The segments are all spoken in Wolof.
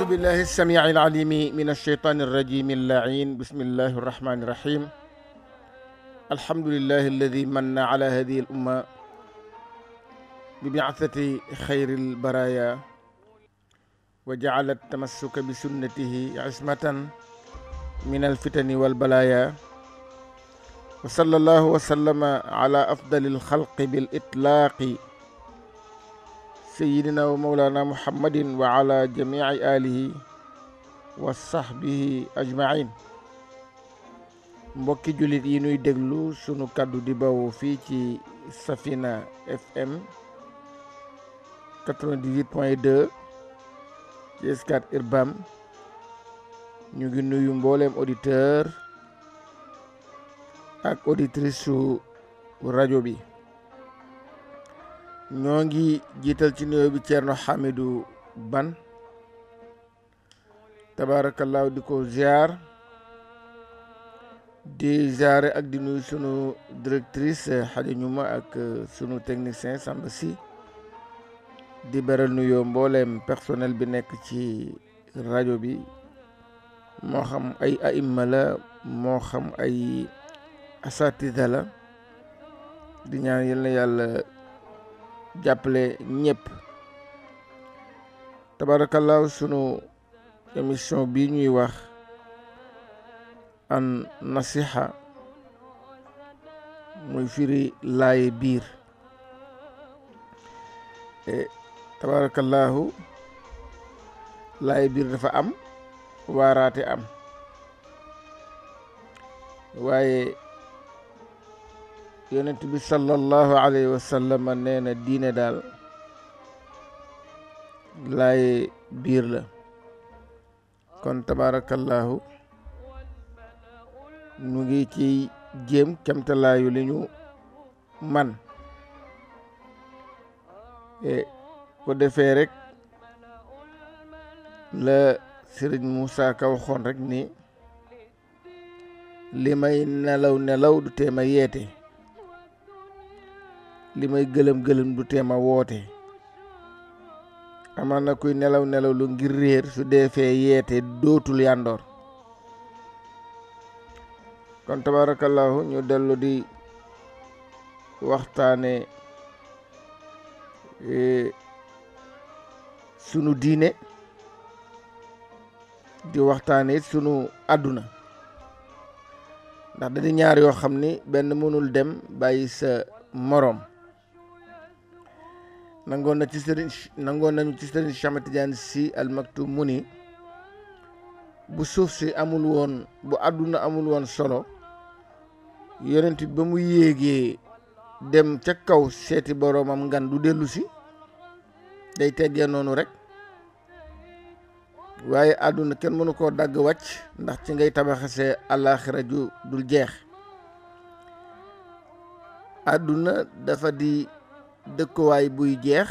أعوذ بالله السميع العليم من الشيطان الرجيم اللعين بسم الله الرحمن الرحيم الحمد لله الذي من على هذه الأمة ببعثة خير البرايا وجعل التمسك بسنته عصمة من الفتن والبلايا وصلى الله وسلم على أفضل الخلق بالإطلاق sayyidina wa mawlana muhammadin wa ala jamici alihi wa sahbihi ajmain mbokki jullit yi nuy déglu sunu kàddu di bawoo fii ci Safina FM 98 point 2 ci Scat Urbam ñu ngi nuyu mbooleem auditeur ak auditrice rajo bi ñoo ngi jiital ci nuyoo bi Thierno Hamidou Ban tabaarakallaahu di ko ziar di ziare ak di nuyu sunu directrice Xadi Ñuma ak sunu technicien Samba Si di beral nuyoo mbooleem personnel bi nekk ci rajo bi moo xam ay aïma la moo xam ay asatida la di ñaan yal na yàlla jàppale ñépp tabaarakallaahu sunu émission bi ñuy wax an nasiha muy firi laaye biir e tabaarakallaahu laaye biir dafa am waaraate am waaye yonent bi sallallahu alayhi wa sallam na diine daal laay biir la kon tabaarakallaahu ñu ngi ci jéem kemtalaayu li ñu man ko e, defee rek la sëriñ Moussa Ka waxoon rek ni li may nelaw nelaw du teema yeete li may gëlëm-gëlëm du teem a woote amaan na kuy nelaw nelaw lu ngir réer su dee fee yeete dootul yàndoor kon tabaarakallaahu ñu dellu di waxtaane e, sunu diine di waxtaane it sunu àdduna ndax da ñaar yoo xam ni benn mënul dem bàyyi sa moroom nangon na ci serigne nangoon nañu ci serigne Cheikh diane si Al Maktoum muni bu suuf si amul won bu aduna amul won solo yonent ba mu yegge dem ca kaw seti boromam ngan du delu si day teggee nonu rek waye aduna ken mënu ko dag wacc ndax ci ngay al akhirah ju dul jeex aduna dafa di dëkkuwaay buy jeex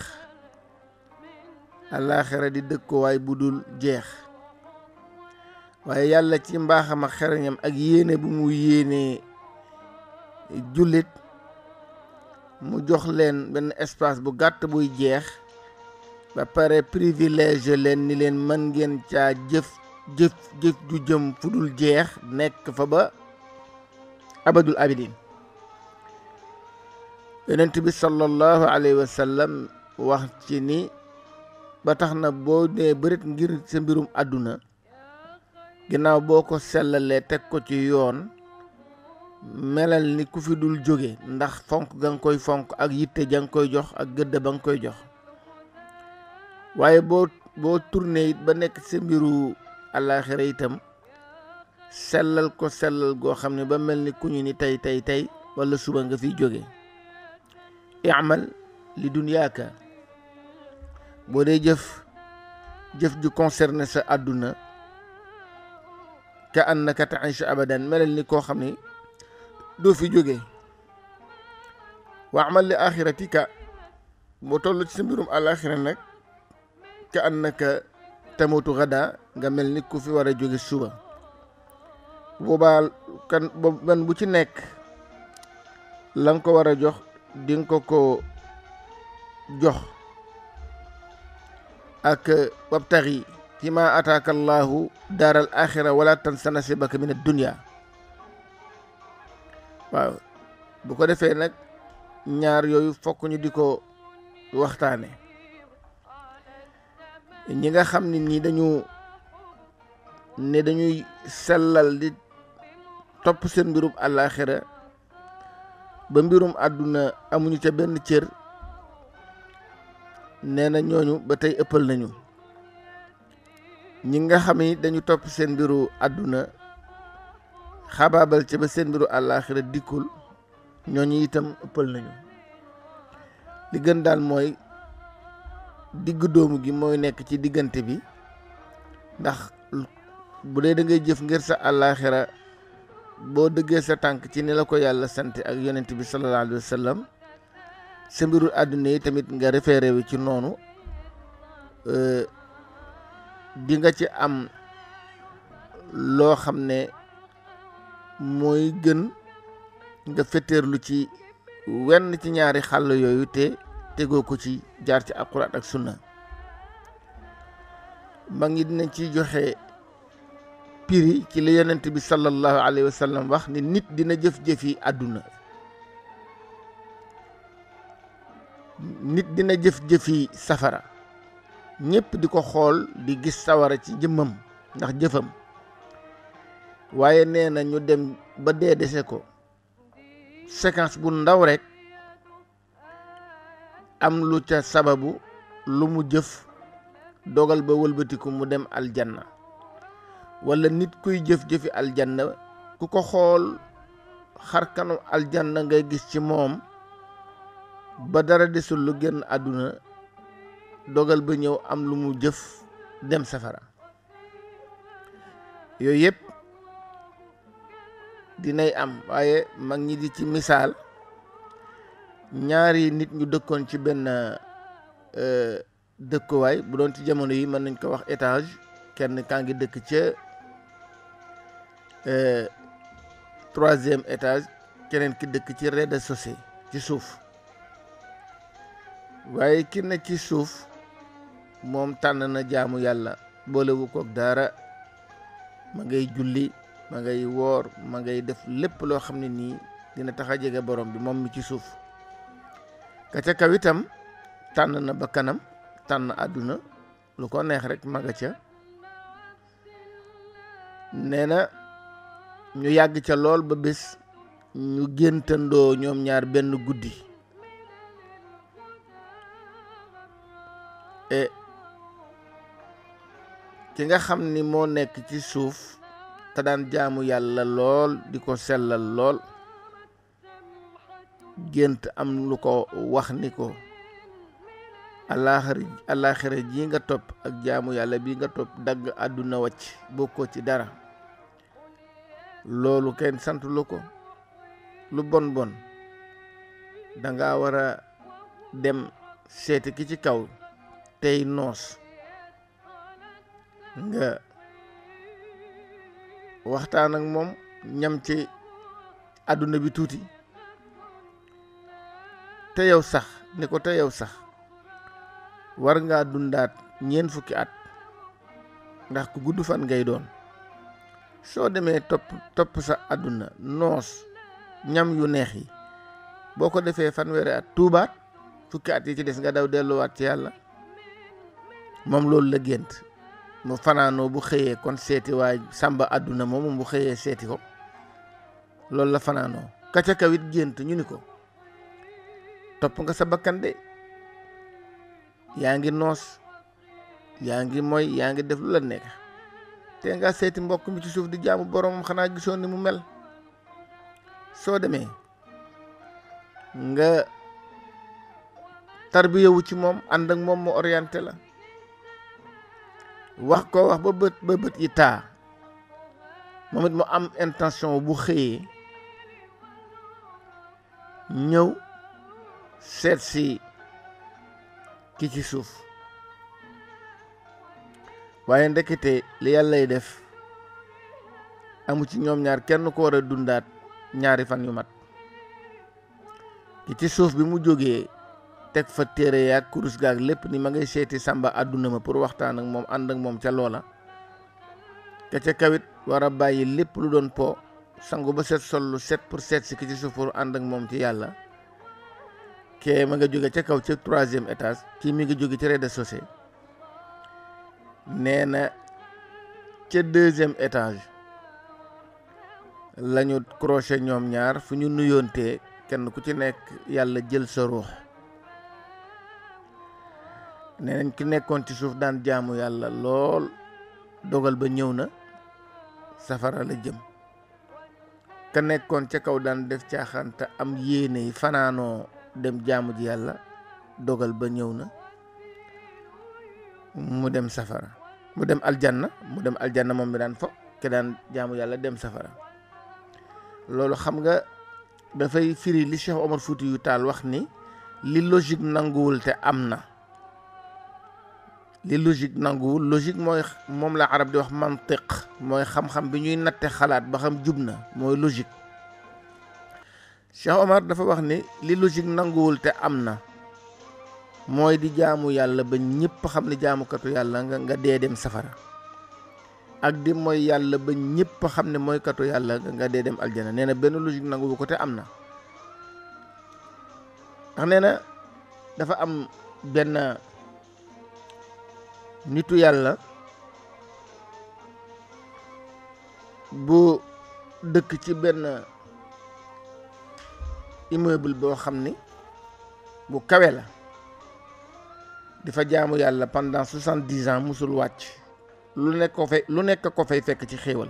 àllaaxira di dëkkuwaay bu dul jeex waaye yàlla ci mbaaxam ak xereñam ak yéene bu mu yéenee jullit mu jox leen benn espace bu gàtt buy jeex ba pare privilège leen ni leen mën ngeen caa jëf jëf jëf ju jëm fu dul jeex nekk fa ba abadul abidin yonent bi sallallahu alayhi wa wax ci ni ba tax na boo nee bërit ngir sa mbirum àdduna ginnaaw boo ko sellalee teg ko ci yoon melal ni ku fi dul jóge ndax fonk ga nga koy fonk ak yitte ja nga koy jox ak gëdd ba nga koy jox waaye boo boo tourné it ba nekk sa mbiru àllaaxira itam sellal ko sellal goo xam ne ba mel ni ku ñu ni tey tey tey wala suba nga fi jóge imal li dunyaaka boo dee jëf jëf ju concerné sa àdduna ka annaka taishu abadan melal ni koo xam ne doo fi jóge wax mal li axiratika boo toll ci sa mbirum àlaxira nag ka annaka tamutu gada nga mel ni ku fi war a jóge suba boobaa kan ban bu ci nekk la nga ko war a jox di ko ko jox ak wabtaxi fi ma ataaka allahu daaral axira wala tansa nasibaka min addunya waaw bu ko defee nag ñaar yooyu fokk ñu di ko waxtaane ñi nga xam ni nii dañu ne dañuy sellal di topp seen mbirub àllaaxira ba mbirum àdduna amuñu ca benn cër nee na ñooñu ba tey ëppal nañu ñi nga xam ni dañu topp seen mbiru àdduna xabaabal ci ba seen mbiru àllaaxira dikkul ñooñu itam ëppal nañu li gën daal mooy digg doomu gi mooy nekk ci diggante bi ndax bu dee dangay jëf ngir sa àllaaxira boo dëggee sa tànk ci ni la ko yàlla sant ak yonent bi sallallahu alayhi wa sallam àdduna yi tamit nga refee wi ci noonu euh, di nga ci am loo xam ne mooy gën nga fetteerlu ci wenn ci ñaari xàll yooyu te tegoo ko ci jaar ci alxuraan ak sunna ma dina ci joxe piri ci la yonent bi sallallahu alayhi wa sallam wax ni nit dina jëf-jëfi àdduna nit dina jëf-jëfi safara ñépp di ko xool di gis sawara ci jëmmam ndax jëfam waaye nee na ñu dem ba dee dese ko séquence bu ndaw rekk am lu ca sababu lu mu jëf dogal ba wëlbatiku mu dem aljanna wala nit kuy jëf-jëfi aljanna ku ko xool xar kanam aljanna ngay gis ci moom ba dara desul lu génn àdduna dogal ba ñëw am lu mu jëf dem safara yooyu yëpp dinay am waaye mag ñi di ci misaal ñaari nit ñu dëkkoon ci benn euh, dëkkuwaay bu doon ci jamono yi mën nañ ko wax étage kenn kaa ngi dëkk ca Euh, troisième étage keneen ki dëkk ci rez-de-chaussée ci suuf waaye ki ne ci suuf moom tànn na jaamu yàlla boolewu koog daara ma ngay julli ma ngay woor ma ngay def lépp loo xam ne nii dina tax a jege borom bi moom mi ci suuf ka ca kaw itam tànn na ba kanam tànn àdduna lu ko neex rek ma ca nee ñu yàgg ca lool ba bés ñu géntandoo ñoom ñaar benn guddi e, ki nga xam ni moo nekk ci suuf te daan jaamu yàlla lool di ko sellal lool gént am lu ko wax ni ko alaaxira ji nga topp ak jaamu yàlla bi nga topp dagg àdduna wacc wàcc ko ci dara loolu kenn santu lu ko lu bon bon da nga war dem seeti ki ci kaw tey noos nga waxtaan ak moom ñam ci àdduna bi tuuti te yow sax ni ko te yow sax war ngaa dundaat fukki at ndax ku gudd fan ngay doon soo demee topp topp sa àdduna noos ñam yu neex yi boo ko defee fanweeri at tuubaat fukki at yi ci des nga daw delluwaat ci yàlla moom loolu la gént mu fanaanoo bu xëyee kon seeti waay sàmba àdduna moom bu xëyee seeti ko loolu la fanaanoo kaca kawit gént ñu ni ko topp nga sa bakkande yaa ngi noos yaa ngi mooy yaa ngi def lu la nekk te nga seeti mbokk mi ci suuf di jaamu boromam xanaa gisoon ni mu mel soo demee nga tarbiyewu ci moom ànd ak moom mu orienté la wax ko wax ba bët yi taa moom mu am intention bu xëyee ñëw seet si ki ci suuf waye ndekete li yàllay def amu ci ñom ñaar kenn ko wara dundat ñaari fan yu mat ki ci suuf bi mu joge tek fa téré ya kurus gaag lepp ni ma ngay séti samba aduna ma pour waxtaan ak mom and ak mom ca lola ca ca kawit wara bayyi lepp lu doon po sangu ba set sollu set pour set si ci suuf pour and ak mom ci yalla ke ma nga joge ca kaw 3e étage ci mi nga joge ci rez de nee na ca deuxième etage lañu ñu ñoom ñaar fu ñu nuyoontee kenn ku ci nekk yàlla jël sa ruux nee nañ ki nekkoon ci suuf daan jaamu yàlla lool dogal ba ñëw na safara la jëm ka nekkoon ca kaw daan def caaxaan te am yéene yi fanaanoo dem jaamu ji yàlla dogal ba ñëw na mu dem safara mu dem aljanna mu dem aljanna moom mi daan fo ke daan jaamu yàlla dem safara loolu xam nga dafay firi li Cheikh Omar Fouti yu taal wax ni li logique nanguwul te am na li logique nanguwul logique mooy moom la arab di wax mantiq mooy xam-xam bi ñuy natte xalaat ba xam jub na mooy logique Cheikh Omar dafa wax ni li logique nanguwul te am na mooy di jaamu yàlla ba ñëpp xam ne jaamukatu yàlla nga nga dee dem safara ak di mooy yàlla ba ñëpp xam ne mooy katu yàlla nga dee dem aljana nee na benn logique nangu ko te am na ndax nee na dafa am benn nitu yàlla bu dëkk ci benn immeuble boo xam ne bu kawe la di fa jaamu yàlla pendant soixante-dix ans musul wàcc lu nekk ko lu nekk ko fay fekk ci xéewal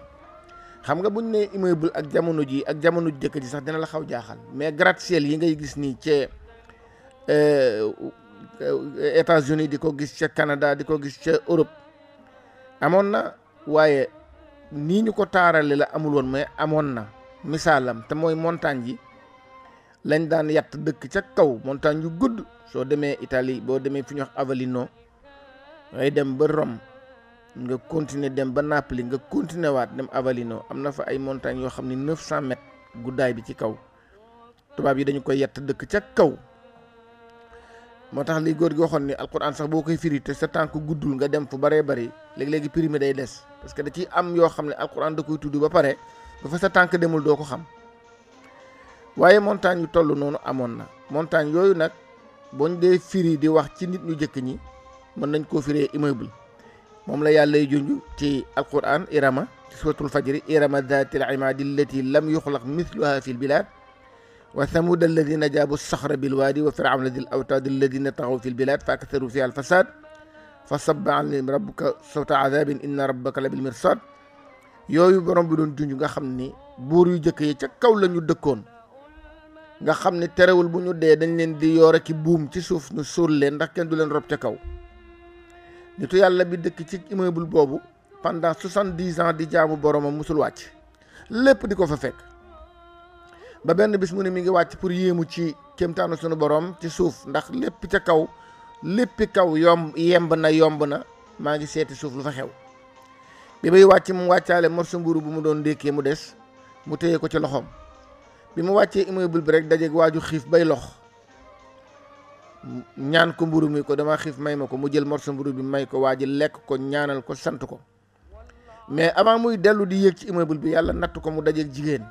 xam nga buñ ne immeuble ak jamono ji ak jamono jëkk ji sax dina la xaw jaaxal mais gratte-ciel yi ngay gis nii ci euh, euh, États-Unis di ko gis ca Canada di ko gis ca Europe amoon na waaye nii ñu ko taarale la amul woon mais amoon na misaalam te mooy montagne yi lañ daan yàtt dëkk ca kaw montagne yu gudd soo demee Italie boo demee fi ñuy wax Avellino ngay dem ba Rome nga continuer dem ba Napoli nga continuer waat dem Avellino am na fa ay montagnes yoo xam ne 900 mètres guddaay bi ci kaw tubaab yi dañu koy yett dëkk ca kaw. moo tax li góor gi waxoon ni alquran sax boo koy firi te sa tànk guddul nga dem fu bëree bëri léegi-léegi prime day des parce que da ciy am yoo xam ne alquran da koy tudd ba pare ba sa tànk demul doo ko xam waaye montagne yu toll noonu amoon na boñ dee firi di wax ci nit ñu jëk ñi mën nañ ko firé immeuble mom la yàlla junj ci alquran irama ci suratul fajr irama dati l allati lam yukhlaq mithluha fil bilad wa thamuda alladina jaabu saxra bilwaadi wa firauna di l awtaad alladina taxaw fi l bilad fa aktaru fiha al fasad fa sabba alayhim rabbuka sawta 'adhabin inna rabbaka labil mirsad yoyu borom bi doon junju nga xamni bur yu jëkk yi ca kaw lañu dekkone nga xam ne terewul bu ñu dee dañ leen di yoor ki buum ci suuf ñu suul leen ndax kenn du leen rob ca kaw nitu yàlla bi dëkk ci immeuble boobu pendant soixante-dix ans di jaamu boromam musul wàcc lépp di ko fa fekk ba benn bis mu ne mi ngi wàcc pour yéemu ci kéemtaanu sunu boroom ci suuf ndax lépp ca kaw lépp kaw yomb yemb na yomb na maa ngi seeti suuf lu fa xew bi may wàcc mu wàccaale morso mburu bu mu doon ndékkee mu des mu téye ko ci loxoom bi mu wàccee immeuble bi rek dajeeg waaju xiif bay lox ñaan ko mburu mi ko dama xiif may ma ko mu jël morso mburu bi may ko waa ji lekk ko ñaanal ko sant ko mais avant muy dellu di yéeg ci immeuble bi yàlla natt ko mu dajeeg jigéen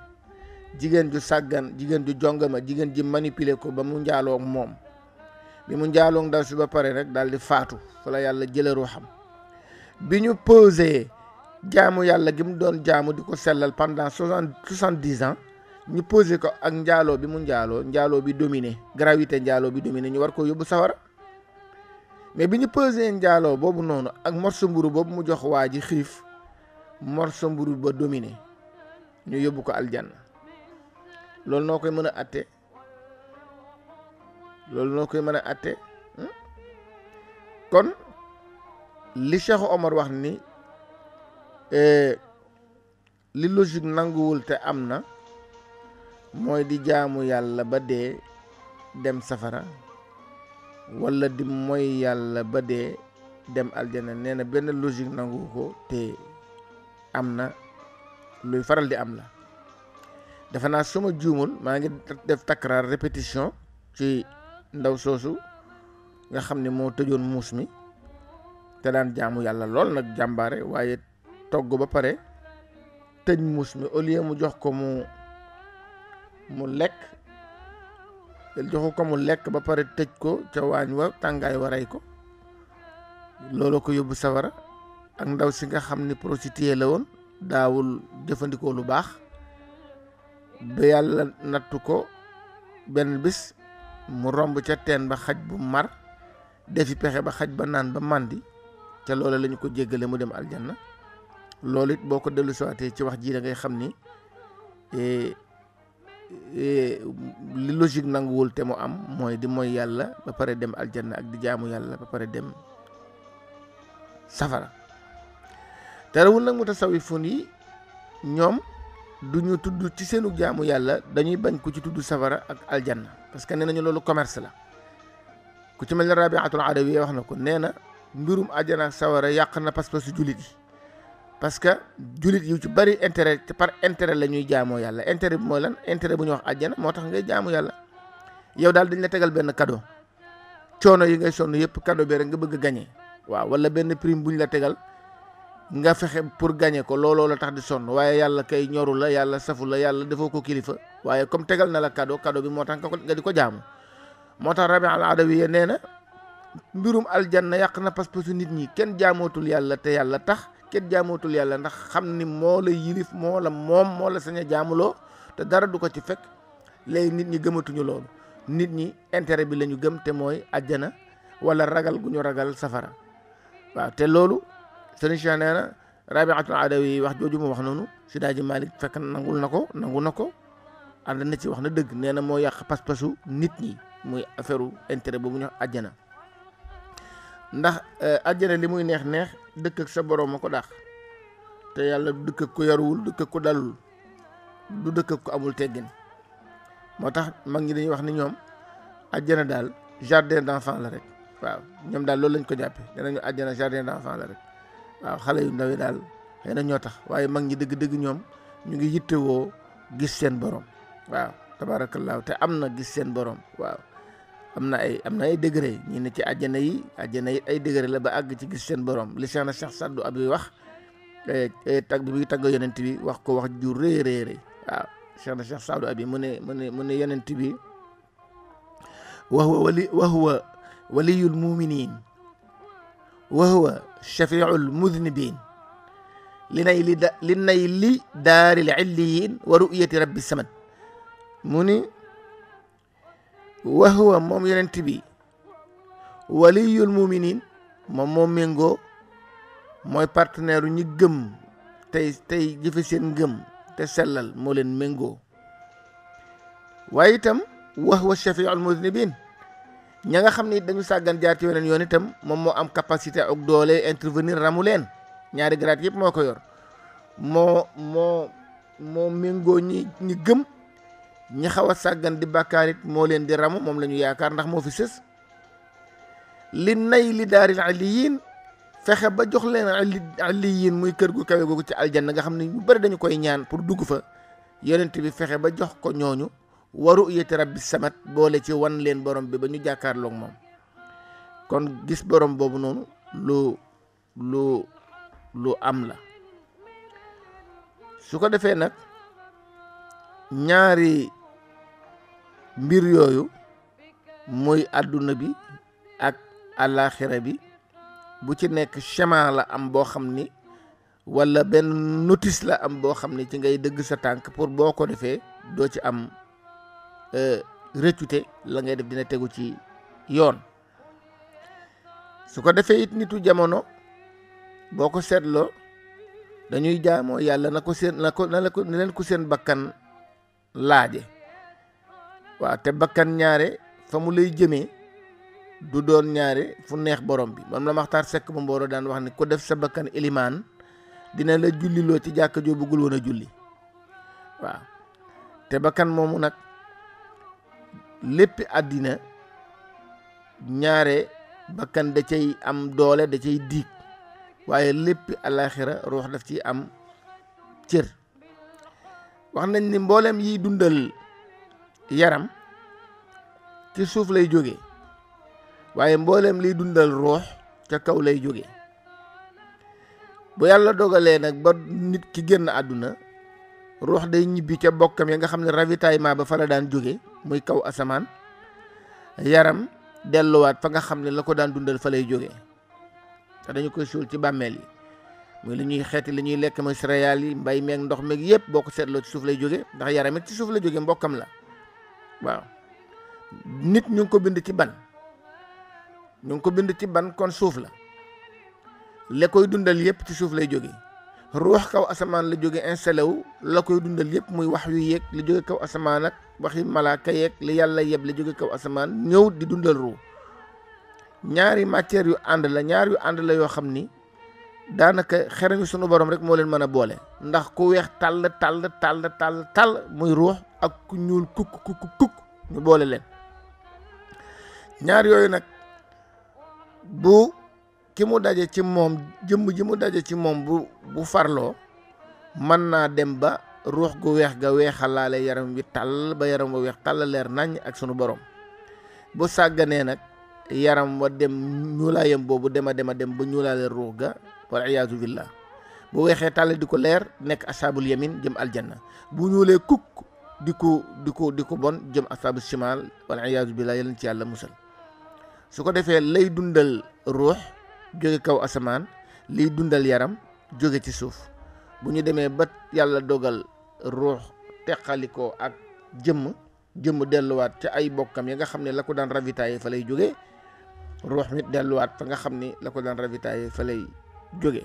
jigéen ju sàggan jigéen ju jongama jigéen ji manipuler ko ba mu njaaloog moom bi mu njaaloog ndaw si ba pare rek daal di faatu fa la yàlla jëlee xam bi ñu posé jaamu yàlla gi mu doon jaamu di ko sellal pendant soixante soixante-dix ans ñu posé ko ak njaaloo bi mu njaaloo njaaloo bi dominé gravité njaaloo bi dominé ñu war ko yóbbu sawar mais bi ñu posé njaaloo boobu noonu ak morso mburu boobu mu jox waa ji xiif morso mburu ba dominé ñu yóbbu ko aljanna loolu noo koy mën a atte loolu noo koy mën a atte hmm? kon li Cheikh Omar wax ni eh, li logique nanguwul te am na mooy di jaamu yàlla ba dee dem safara walla di mooy yàlla ba dee dem aljana nee na benn logique nangu ko te am na luy faral di am la dafa naa suma juumul maa ngi def takkaraar répétition ci ndaw soosu nga xam ne moo tëjoon muus mi te daan jaamu yàlla lool nag jàmbaare waaye togg ba pare tëj muus mi au lieu mu jox ko mu mu lekk joxu ko mu lekk ba pare tëj ko ca waañ wa tàngaay waray ko loolu ko yóbbu sawara ak ndaw si nga xam ni prostituée la woon daawul jëfandikoo lu baax ba yàlla nattu ko benn bis mu romb ca teen ba xaj bu mar defi pexe ba xaj ba naan ba màndi ca loola lañu ko jéggale mu dem aljanna loolu it boo ko dellu siwaatee ci wax ji da ngay xam ni eh, li logique nanguwul te mu am mooy di mooy yàlla ba pare dem aljanna ak di jaamu yàlla ba pare dem safara terewul nag mutasawifun yi ñoom du ñu tudd ci seenu jaamu yàlla dañuy bañ ku ci tudd safara ak aljanna parce que nee nañu loolu commerce la ku ci mel ne rabiatul adawi wax na ko nee na mbirum aljanna ak safara yàq na pas-pasu jullit yi parce que julit yu ci bari intérêt par intérêt lañuy ñuy yalla intérêt mo lan intérêt bu ñu wax aljana motax ngay jaamu yalla yow dal dañ la tegal ben cadeau choono yi ngay sonu yépp cadeau bi rek nga bëgg gagner waaw wala ben prime buñ la tegal nga fexé pour gagner ko lolo la tax di son waye yalla kay ñoru la yalla safu la yalla defo ko kilifa waye comme tegal na la cadeau cadeau bi moo nga diko ko jaamu motax rabi al adawi neena mbirum aljanna yaqna na pas-pasu nit ñi ken jaamotul yalla te yalla tax kenn jaamootul yàlla ndax xam ni moo la yilif moo la moom moo la sañ jaamuloo te dara du ko ci fekk léegi nit ñi gëmatuñu loolu nit ñi intérêt bi la ñu gëm te mooy ajjana wala ragal gu ñu ragal safara waaw te loolu sëriñ Cheikh nee na rabiatul adawi yi wax jooju mu wax noonu si daaji Malick fekk nangul na ko nangu na ko ànd na ci wax na dëgg nee na moo yàq pas-pasu nit ñi muy affaire intérêt boobu ñu àjjana ndax euh, àjjana li muy neex neex dëkk ak sa borom ko dàq te yàlla du dëkk ko ku yaruwul dëkk ak ku dalul du dëkk ko amul teggin moo tax mag ñi dañuy wax ni ñoom àjjana daal jardin d'enfant la rek waaw ñoom daal loolu lañ ko jàppe danañu àjjana jardin d'enfant la rek waaw xale yu ndaw daal xëy ñoo tax waaye mag ñi dëgg-dëgg ñoom ñu ngi yittewoo gis seen boroom waaw tabaarakallaahu te am na gis seen boroom waaw am na ay am na ay degré ñu ne ci àjjana yi àjjana yi ay degré la ba àgg ci gis seen borom li Cheikhna Cheikh Saddu Abi wax tag bi tagg yonent bi wax ko wax ju rëy rëy rëy waaw Cheikhna Cheikh Saddu Abi mu ne mu ne mu ne yonent bi wa huwa wali wa huwa waliyul muminin wa huwa shafiul mudnibin li nay li da li nay li daaril illiyin wa ru'yati rabbi samad mu ni وهو موم yonent ولي المؤمنين موم moom moom méngoo mooy partenaire u تاي gëm tey tey jëfe seen gëm te sellal moo وهو الشفيع المذنبين itam wax nga xam dañu sàggan jaar ci wenen yoon itam mom mo am capacité ak doole intervenir ramu leen ñaari grade yep moko yor mo mo mo mengo ñi ñi gëm ñi xawa a sàggan di bakarit it moo leen di ramu moom lañu yaakaar ndax moo fi sës li nay li daaril aliyin fexe ba jox leen ali aliyin muy kër gu kawe gogu ci aljanna nga xam ne ñu bari dañu koy ñaan pour dugg fa yonent bi fexe ba jox ko ñooñu waru yati rabbi samat boole ci wan leen borom bi ba ñu jàkkaarloog moom kon gis borom boobu noonu lu lu lu am la su ko defee ñaari mbir yooyu muy àdduna bi ak àllaaxira bi bu ci nekk chemin la am boo xam ni walla benn notice la am boo xam ni ci ngay dëgg sa tànk pour boo ko defee doo ci am euh, rëccute la ngay def dina tegu ci yoon su ko defee it nitu jamono boo ko seetloo dañuy jaamoo yàlla na ko seen na ko na leen ko seen bakkan laaje waaw te bakkan ñaare fa mu lay jëme du doon ñaare fu neex borom bi moom la maxtaar sekk ba mbooro daan wax ne ku def sa bakkan ilimaan dina la julliloo ci jàkka joo bëggul woon julli waaw te bakkan moomu nag lépp àddina ñaare bakkan da cay am doole da cay diig waaye lépp alaaxira ruux daf ci am cër wax nañ ni mboolem yiy dundal yaram ci suuf lay jóge waaye mboolem liy dundal ruux ca kaw lay jóge bu yàlla dogalee nag ba nit ki génn àdduna ruux day ñibbi ca bokkam ya nga xam ne ravitaillement ba fa la daan jóge muy kaw asamaan yaram delluwaat fa nga xam ne la ko daan dundal fa lay jóge te dañu koy suul ci bàmmeel yi muy li ñuy xeeti li ñuy lekk mooy céréales yi mbay meeg ndox meeg yépp boo ko seetloo ci suuf lay jóge ndax yaram it ci suuf la jóge mbokkam la waaw nit ñu ngi ko bind ci ban ñu ngi ko bind ci ban kon suuf la la koy dundal yépp ci suuf lay jóge ruux kaw asamaan la jóge installé wu la koy dundal yépp muy wax yu yéeg li jóge kaw asamaan ak waxi malaaka yeeg li yàlla yeb li jóge kaw asamaan ñëw di dundal ruux ñaari matières yu ànd la ñaar yu ànd la yoo xam ni daanaka xerañu sunu borom rek moo leen mën a boole ndax ku weex tàll tàll tàll tàll tàll muy ruux ak ku ñuul kukk kukk kukk ñu boole leen ñaar yooyu nag bu ki mu daje ci moom jëmm ji mu daje ci moom bu bu farloo mën naa dem ba ruux gu weex ga weexalaale yaram wi tàll ba yaram wa weex tàll leer nañ ak sunu borom bu sàgganee nag yaram wa dem ñuulaayam boobu dema dema dem ba ñuulaale ruux ga wal iyaazu billah bu weexee tàll di ko leer nekk asaabul yamin jëm aljanna bu ñuulee kukk Diko, diko, diko bon jëm asabu shimal wal iyaazu billah yalla ci yalla musal suko defé lay dundal ruh joge kaw asaman lay dundal yaram joge ci suuf bu ñu demee ba yalla dogal ruh tekkaliko ak jëm delu wat ci ay bokkam ya nga xamné ne la ko daan ravitaillé fa lay joge ruh mit wat fa nga xamné la ko daan ravitaillé fa lay joge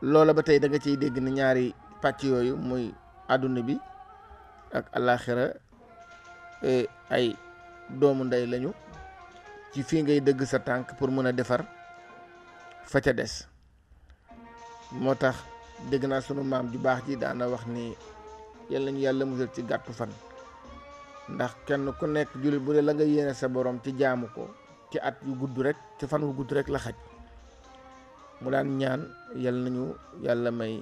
lola batay da nga ciy dégg ni ñaari patch yoyu muy aduna bi ak alaxira e, ay doomu nday lañu ci fi ngay dëgg sa tànk pour mën a defar fa ca des moo tax dégg naa sunu maam ju baax ji daana wax ni yàlla ñu yàlla musal ci gàttu fan ndax kenn ku nekk jullit bu dee la nga yéene sa borom ci jaamu ko ci at yu gudd rek ci fan wu gudd rek la xaj mu daan ñaan yàlla nañu yàlla may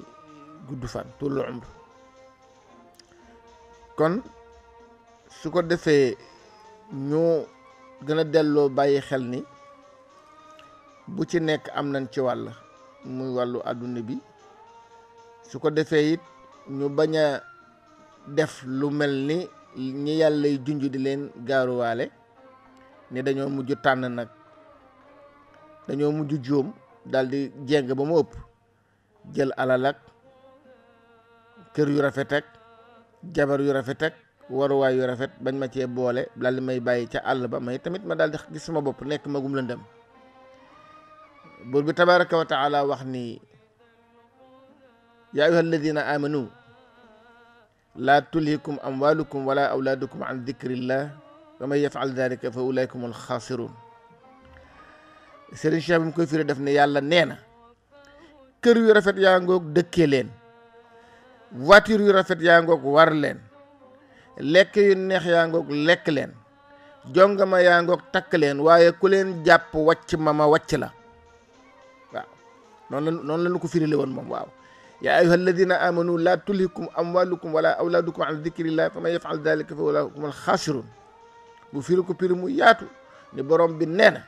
gudd fan tout l'umr kon su ko defee ñu gën a delloo bàyyi xel ni bu ci nekk am nañ ci wàll muy wàllu àdduna bi su ko defee it ñu bañ def lu mel ni ñi yàlla y junj di leen gaaruwaale ni dañoo mujj tànn nag dañoo mujj juum dal di jeng ba mu ëpp jël alalak kër yu rafetek jabar yu rafet ak waruwaay yu rafet bañ ma ci boole daal di may bàyyi ca àll ba may tamit ma daal di gis sama bop nek magum lëndëm bur bi tabaarak wa taala wax ni ya ayuha alladina amanu la tulhikum amwalukum wala awladukum an dhikrillah wa may yafal dhalika fa ulaikum al khasirun Serigne Cheikh bi koy firi def ne yàlla neena keur yu rafet ya ngok dëkkee leen voiture yu rafet yaa ngoog war leen lekk yu neex yaa ngoog lekk leen jongama yaa ngoog takk leen waaye ku leen jàpp wacc ma ma wàcc la waaw noonu la noonu la ñu ko firile woon moom waaw yaa ayuha alladina amanu laa tulhikum amwalukum wala awlaadukum an dicrillah fa man yafal dalika fa ulaaika humul xaasiruun bu firi ko piri mu yaatu ni borom bi nee na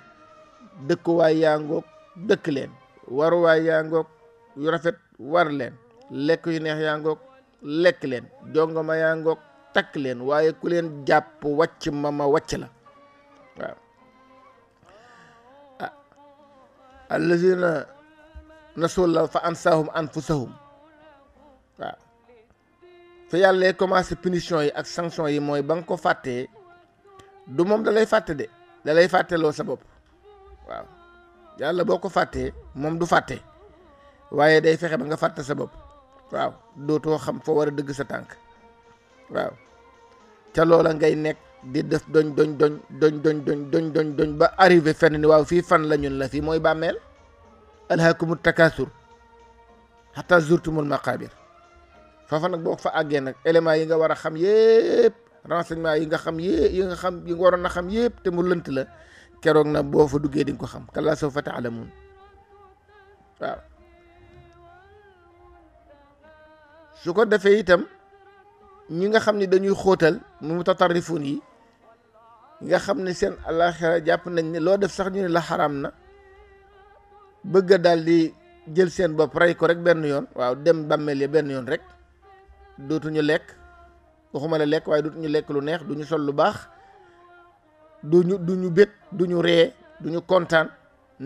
dëkkuwaay yaa ngoog dëkk leen waruwaay yaa ngoog yu rafet war leen lekk yu neex yàngook lekk leen jongoma yàngook takk leen waaye ku leen jàpp wàcc ma ma wàcc la waaw ah allazina nasulla fa ansahum anfusahum waaw fi yàlla commencé punition yi ak sanction yi mooy ba nga ko fàttee du moom da lay fàtte de da lay fàtteloo sa bopp waaw yàlla boo ko fàttee moom du fàtte waaye day fexe ba nga fàtte sa bopp waaw dootoo xam foo war a dëgg sa tànk waaw ca loola ngay nekk di def doñ doñ doñ doñ doñ doñ doñ doñ doñ ba arriver fenn ni waaw fii fan la ñun la fii mooy bàmmeel alhaakumu takaasur xataa zurtumul maqaabir foofa nag boo fa àggee nag éléments yi nga war a xam yëpp renseignement yi nga xam yëpp yi nga xam yi nga waroon a xam yëpp te mu lënt la keroog na boo fa duggee di nga ko xam kallaa sawfa taalamuun waaw su ko defee itam ñi nga xam ni dañuy xóotal mu tatarrifuun yi nga xam ne seen alaxira jàpp nañ ne loo def sax ñu ne la xaraam na bëgg a daal di jël seen bopp rey ko rek benn yoon waaw dem bàmmeel ya benn yoon rek dootuñu lekk waxuma la lekk waaye dootuñu lekk lu neex duñu sol lu baax duñu duñu bét duñu ree duñu kontaan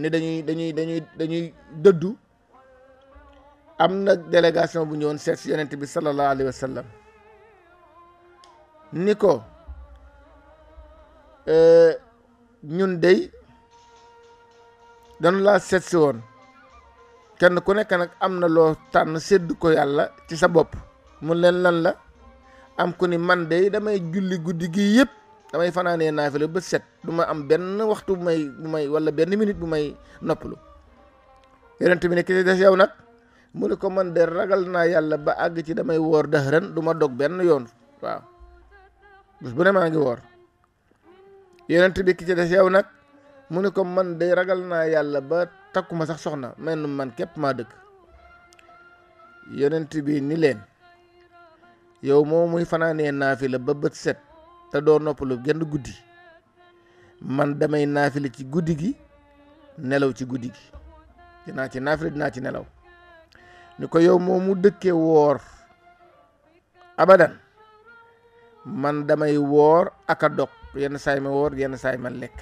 ni dañuy dañuy dañuy dañuy dëddu am nag délégation bu ñëwoon seet si yonent bi sallallahu alayhi wa ni ko euh, ñun dey dañu laa seet si woon kenn ku nekk nag am na loo tànn sedd ko yàlla ci sa bopp mu leen lan la am ku ni man dey damay julli guddi gii yëpp damay fanaanee naafila ba set du ma am benn waxtu bu may bu may wala benn minute bu may noppalu yonent bi ne ki des yow nag mu ne ko man de ragal naa yàlla ba àgg ci damay woor dex ren du dog benn yoon waaw bu ne maa ngi woor yonent bi ki ci des yow nag mu ne ko man de ragal naa yàlla ba takkuma sax soxna mel na man képp maa dëkk yonent bi ni leen yow moo muy naafi la ba bët set te doo noppalu genn guddi man damay naafila ci guddi gi nelaw ci guddi gi dinaa ci naafila dinaa ci nelaw ni ko yow moom mu dëkke woor abadan man damay woor ak a dog yenn saay ma woor yenn saay ma lekk